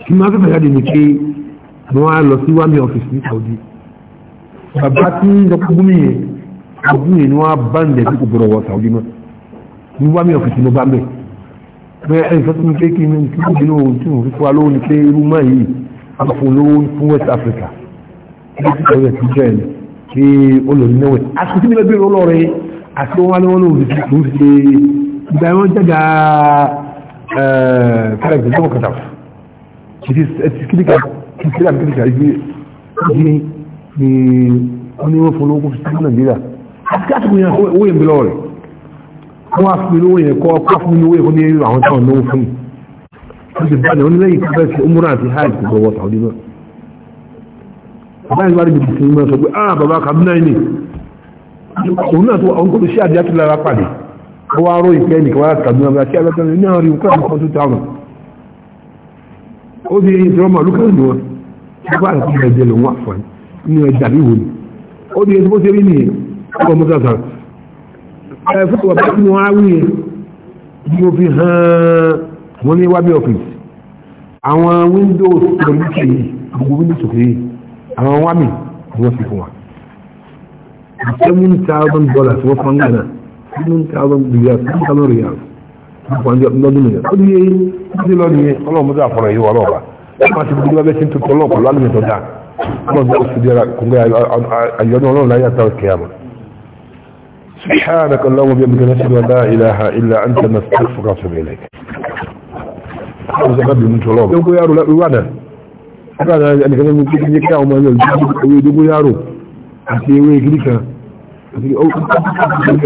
kí máa fẹ́fẹ́ jáde ní pé wọ́n á lọ sí wámi ọ́fíìsì ní Saudi bàbá tí ń lọ abu yẹn ni wọn bá ń lẹ kó gbọ́dọ̀ wọ ma ní wàá mi ọfìsì mo bá mẹ bẹ́ẹ̀ ẹ fẹsẹ̀ mi kéèké mi kí ló dínú ohun tí mo fi fún wa irú máa yìí a fún lówó fún West Africa ní ti sọ yẹn ti jẹ ẹ pé ó lọ nínáwó àti tí mi lọ bẹ̀rẹ̀ ọlọrin àti wọn wá lọ́wọ́ lóhùn ti tó ń ṣe ìgbà wọn jẹgà ẹ kárẹ̀kì tó kọta ti ti kíríkà ti kíríkà kíríkà ibi ní wọn ní wọn fún lówó fún Nàìjíríà àti kásìkò yẹn owó yẹn bẹ̀rẹ̀ rẹ̀ wọ́n á fún mi lówó yẹn kọ́ kọ́ fún mi lówó yẹn fún mi àwọn táwọn lówó fún mi wọ́n ti bá ní wọ́n ní lẹ́yìn tó fẹ́ fi umura àti hajj kò gbọ́wọ́ sàwọn dìbò bàbá yẹn wá níbi tìtì yìí máa sọ pé ah bàbá kàmínà yìí ni òun náà tó àwọn kò sí àdìyà tó lára pàdé wọ́n wá ròyìn pé ní àwọn ríun kọ́ àti táwọn ó wọ́n bá ní ọjà ní ìwòlù ó di ẹni bó ṣe rí nìyẹn ọkọ̀ mọ́sàsà ẹ̀fún wà bá tí wọ́n á wíyẹ bí mo fi hàn wọ́n ní wábí ọ́fíìsì àwọn windows kọ̀mùtì gbogbo windows kìí àwọn wámi wọ́n fi fún wa seven thousand dollars wọ́n fún gánà seven thousand riyals seven thousand riyals wọ́n fún lọ́dún nìyẹn ó díye ó díye lọ́dún yẹn ọlọ́run mọ́tò àfọ̀rọ̀ yìí wọ́n lọ́ọ̀bà wọ́n máa ti gbogbo ẹgbẹ́ sí tuntun ọlọ́ọ̀kọ̀ lálùmẹ̀tọ̀ dáa wọ́n máa gbọ́ òṣèlú ayọ́dún ọlọ́run láyé àtàwọn kìí àmọ́ سبحانك اللهم وبحمدك نشهد ان لا اله الا انت نستغفرك ونتوب اليك ọ̀sẹ̀ kábí mú tọ́lọ́ ọ̀gbọ́n yàrò wádà wádà ẹnìkan ní kí ní kí àwọn ọmọ ẹgbẹ́ owó ìdógún yàrò àti ewé ìgírí kan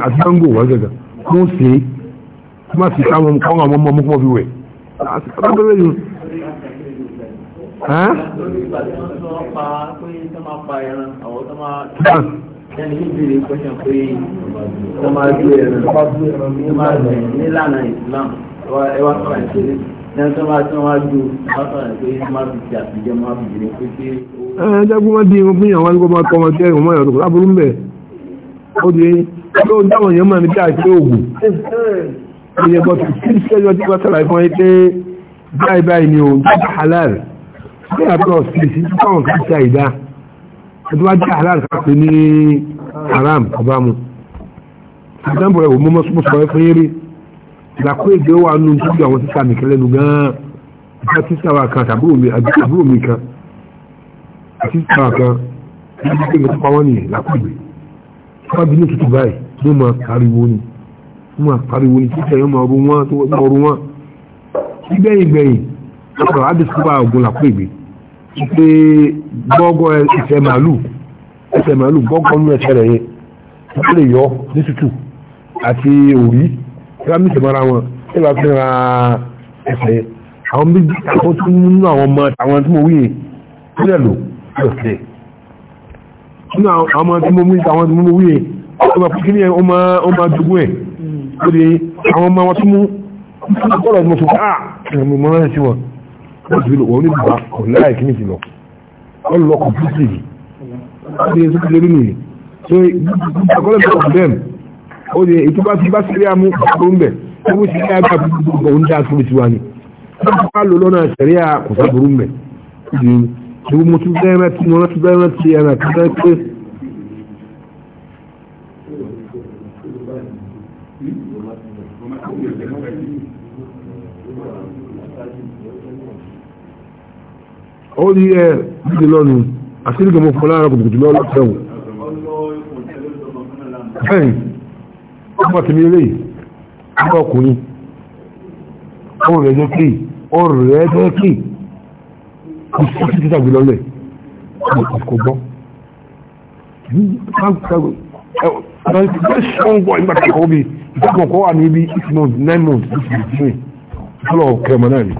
àti mango wà gẹ́gẹ́ mú sí i má sì káwọn káwọn àwọn ọmọ mọ́kọ́ fi wẹ̀ ọ̀gbọ́n yìí hàn ẹni yìí bèrè kọ́ṣẹ́ pé wọ́n máa ju ẹ̀rọ wọ́n máa ju nílànà Islam ẹ wá sọ̀rọ̀ ìpè lẹ́yìn tó máa tún wá ju wá sọ̀rọ̀ ìpè máa fi pé kí. ẹ ẹ máa di irun fún yàrá wọn kó máa tọ́ ọmọ tẹ́ dáwọn èèyàn máa ní bí òògùn ìyẹn bọ́ sí kí sẹ́yọ́ tí wọ́n sọ̀rọ̀ ìfọ́n pé báyìí báyìí ni òun tó bá halal bí àbúrò sí sí tó kọ́ ẹ̀dùn ajé halal sáfì ní haram ọbaamu ìdáǹbọ̀ ẹ̀wọ̀ mọ́mọ́ sọ́sọ́ ẹ̀fọ́ yẹ́rẹ́ ìdàkọ́ èdè wà nù tó bí àwọn sísá mi kẹlẹ́ nu gan-an ìfẹ́ sísá wa kan àbúrò mi kan àti sísá wa kan ìdí pé mo tó pa wọ́n nìyẹn lákòóbè wọ́n bí ní tutù ìgbẹ̀yìn pé gbọ́gbọ́ ẹsẹ̀ màálù ẹsẹ̀ màálù gbọ́gbọ́ nínú ẹsẹ̀ rẹ̀ yẹn wọ́n lè yọ ní tútù àti òrí ẹgbẹ́ mi tẹ̀mọ́ra wọn ẹgbẹ́ fi ra ẹsẹ̀ yẹn àwọn bí àwọn tó ń nú àwọn ọmọ àwọn tí mo wí yẹn tó lẹ̀ lò ọ̀sẹ̀ nínú àwọn ọmọ tí mo wí àwọn tí mo wí yẹn ọmọ kí ni ọmọ ọmọ dùgbò ẹ̀ lórí àwọn ọmọ wọn tó mú ọ̀rọ̀ ìmọ̀sùn wọ́n ti lò wọ́n ní bàbá ọ̀láì kí ní ti lọ wọ́n lọ kọ̀mpútì yìí wọ́n ti yẹ sókè lórí nìyí so ìgbàgbọ́lẹ̀ mi kọ̀ bẹ́ẹ̀ ó ní ètò bá ti bá sílẹ̀ amú kó ń bẹ̀ ó bó ti ká bá gbogbo ń dá sórí tiwa ni wọ́n ti bá lò lọ́nà sẹ̀ríà kò sábòrú mẹ́ ìdí ìdí mo tún bẹ́ẹ̀ rántí mo rántí bẹ́ẹ̀ rántí ẹ̀rọ àti bẹ́ẹ̀ ó rí ẹ dídì lọ́nu àti nígbà mo fún láàárọ̀ kùtùkùtù lọ́wọ́ lọ́tẹ̀wọ̀n. bẹ́ẹ̀ ọmọ tèmi lè ọmọ ọkùnrin ọmọ rẹ̀ jẹ́ kí ọrọ̀ rẹ̀ jẹ́ kí kò sí títí tàbí lọ́lẹ̀ kò gbọ́. Àwọn ìgbésẹ̀ ṣọ́ngbọ̀n ìgbà kẹ́kọ̀ọ́ bíi ìgbà kọ̀ọ̀kọ́ wà ní ibi six months nine months ní ìgbésẹ̀ ìfọ́lọ̀ kẹrẹ̀mọ́ náà ni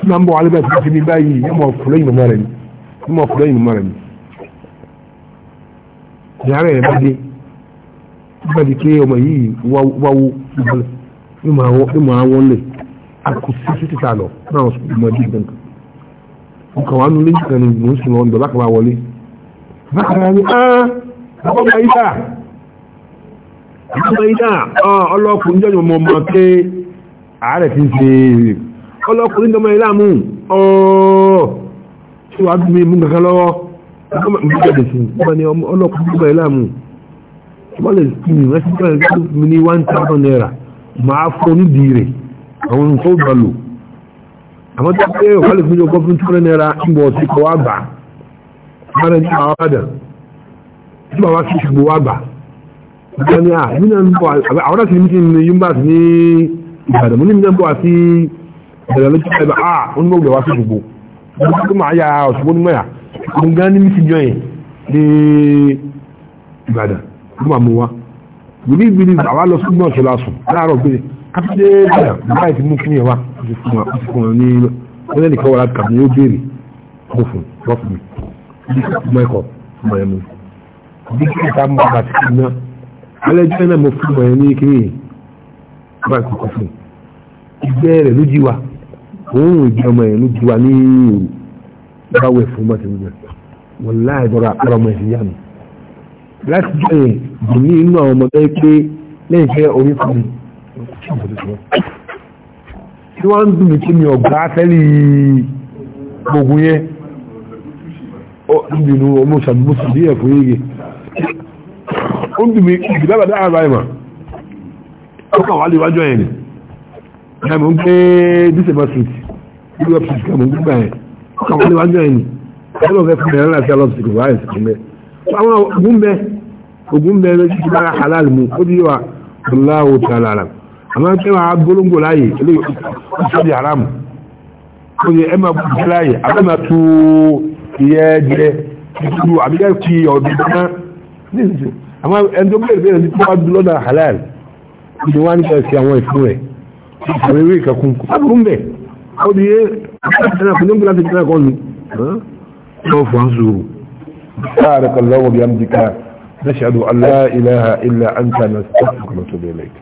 tí máa ń bọ̀ alẹ́bẹ̀ tó ti ní báyìí yóò mọ̀ fúlẹ́ ìmọ̀ mẹ́rẹ̀ ni yóò mọ̀ fúlẹ́ ìmọ̀ mẹ́rẹ̀ ni. ìyára ẹ̀ bá dé bá di pé ọmọ yìí wáwó ìbọlẹ̀ ìmọ̀ àwọn lè àkùsí títí ta lọ náà ìmọ̀ ẹ̀dí ìgbẹ́ nǹkan. nǹkan wà nínú ìjìká ni mò ń sìn wọn dọ̀lá kaba wọlé. bákàrà ni ọmọ yìí dà ọmọ yìí dà ọlọ́kùnrin jẹ́ ọmọ ọmọ pé àárẹ̀ ti ń ọlọ́kùnrin dọmọ ìlàmù ọ̀ọ́ tí wàá bí mú kankan lọ́wọ́ ọlọ́kùnrin dọmọ ìlàmù wọ́n lè sinmi wọ́n ti gbọ́dọ̀ tó mi ní one thousand naira máa fọ́ ní diire àwọn nǹkan ó balò àmọ́ tó pé ọ̀fà lè fún mi ọkọ̀ fún two hundred naira ń bọ̀ sí kọ́ wá bà mọ́ra ní àwọn ọ̀dà tí bàbá sì ṣùgbọ́ wá bà wọ́n ní à nínú ẹ̀rọ ló ti pẹ́ bá ah ó ní mọ̀ wùlẹ̀ wá sí gbogbo ọdún tó máa yà ọ̀ṣùgbó ní mọ̀yà mo gan ní mísì jọ yẹn ní Ìbàdàn ló máa mú wa gbìlí gbìlí àwa lọ sí gbọ́n ṣọlá sùn láàárọ̀ gbé káfíńdé Ìbàdàn báyìí ti mú kí ni ẹ̀ wá ó ti fún wa ní wọ́n lẹ́nìkan wà láti kàbí ó béèrè kó fún wọ́n fún mi bí mọ́ ẹ̀kọ́ mọ́ ẹ̀ mú bí kí ẹ̀ka òun ò jẹ ọmọ yẹn ló ju wa ní èrò báwo ẹ̀ fún bàtẹ́ gbẹ wọn láì dọ́ra àpárá ọmọ ẹ̀sìn yá mi láti jọ yẹn dùn ní inú àwọn ọmọ bẹ́ẹ̀ pé lẹ́yìn fẹ́ orí fún mi tí wọ́n ń dùn mí kí mi ọ̀gá tẹ́lẹ̀ gbogbo yẹn ó ń dùn ọmọ ṣàbùsùn bí ẹ̀fọ́ yége ó ń dùn mí ìdílábàdà àbá ìmọ̀ ó kà wá léwájú ẹ̀yìn ni ẹ̀mú pé dísèbọ̀ street bí wọ́n fi kàmú gbígbà yẹn ọkàn wọn níwájú ẹ̀yìn ẹ̀rọ fẹ́ fún ẹ̀rọ láti ọlọ́sì kò wáyé sí ọmọ ẹ̀ àwọn ogun bẹ ogun bẹ lọ sí bára halal mu ó di wa Allahu ta'ala alam àmọ́ ẹ máa gbólóńgbò láàyè ilé ìṣòdì haram ó di ẹ máa gbólóńgbò láàyè àbẹ́ máa tu ìyẹ́ jẹ ìtúrú àbíkẹ́ fi ọ̀dọ̀ dáná nísinsìnyí àmọ́ ẹni tó bẹ̀rẹ̀ bẹ̀rẹ̀ ní tó bá dúró lọ́dà halal ni wọ́n á ní kẹ́ sí àwọn ìfún rẹ̀ ìfún rẹ̀ kẹ́kún abúrú bẹ́ẹ̀ ó di yé ẹnìkan kò ní gbọ́dọ̀ ti tẹ́lẹ̀ kọ́ ni lọ́wọ́ fún sùúrù. sáà rẹ̀ kan lọ́wọ́ bí i am jìkà nashhadu an la ilaha illa anta nastaghfiruka wa natubu ilayk.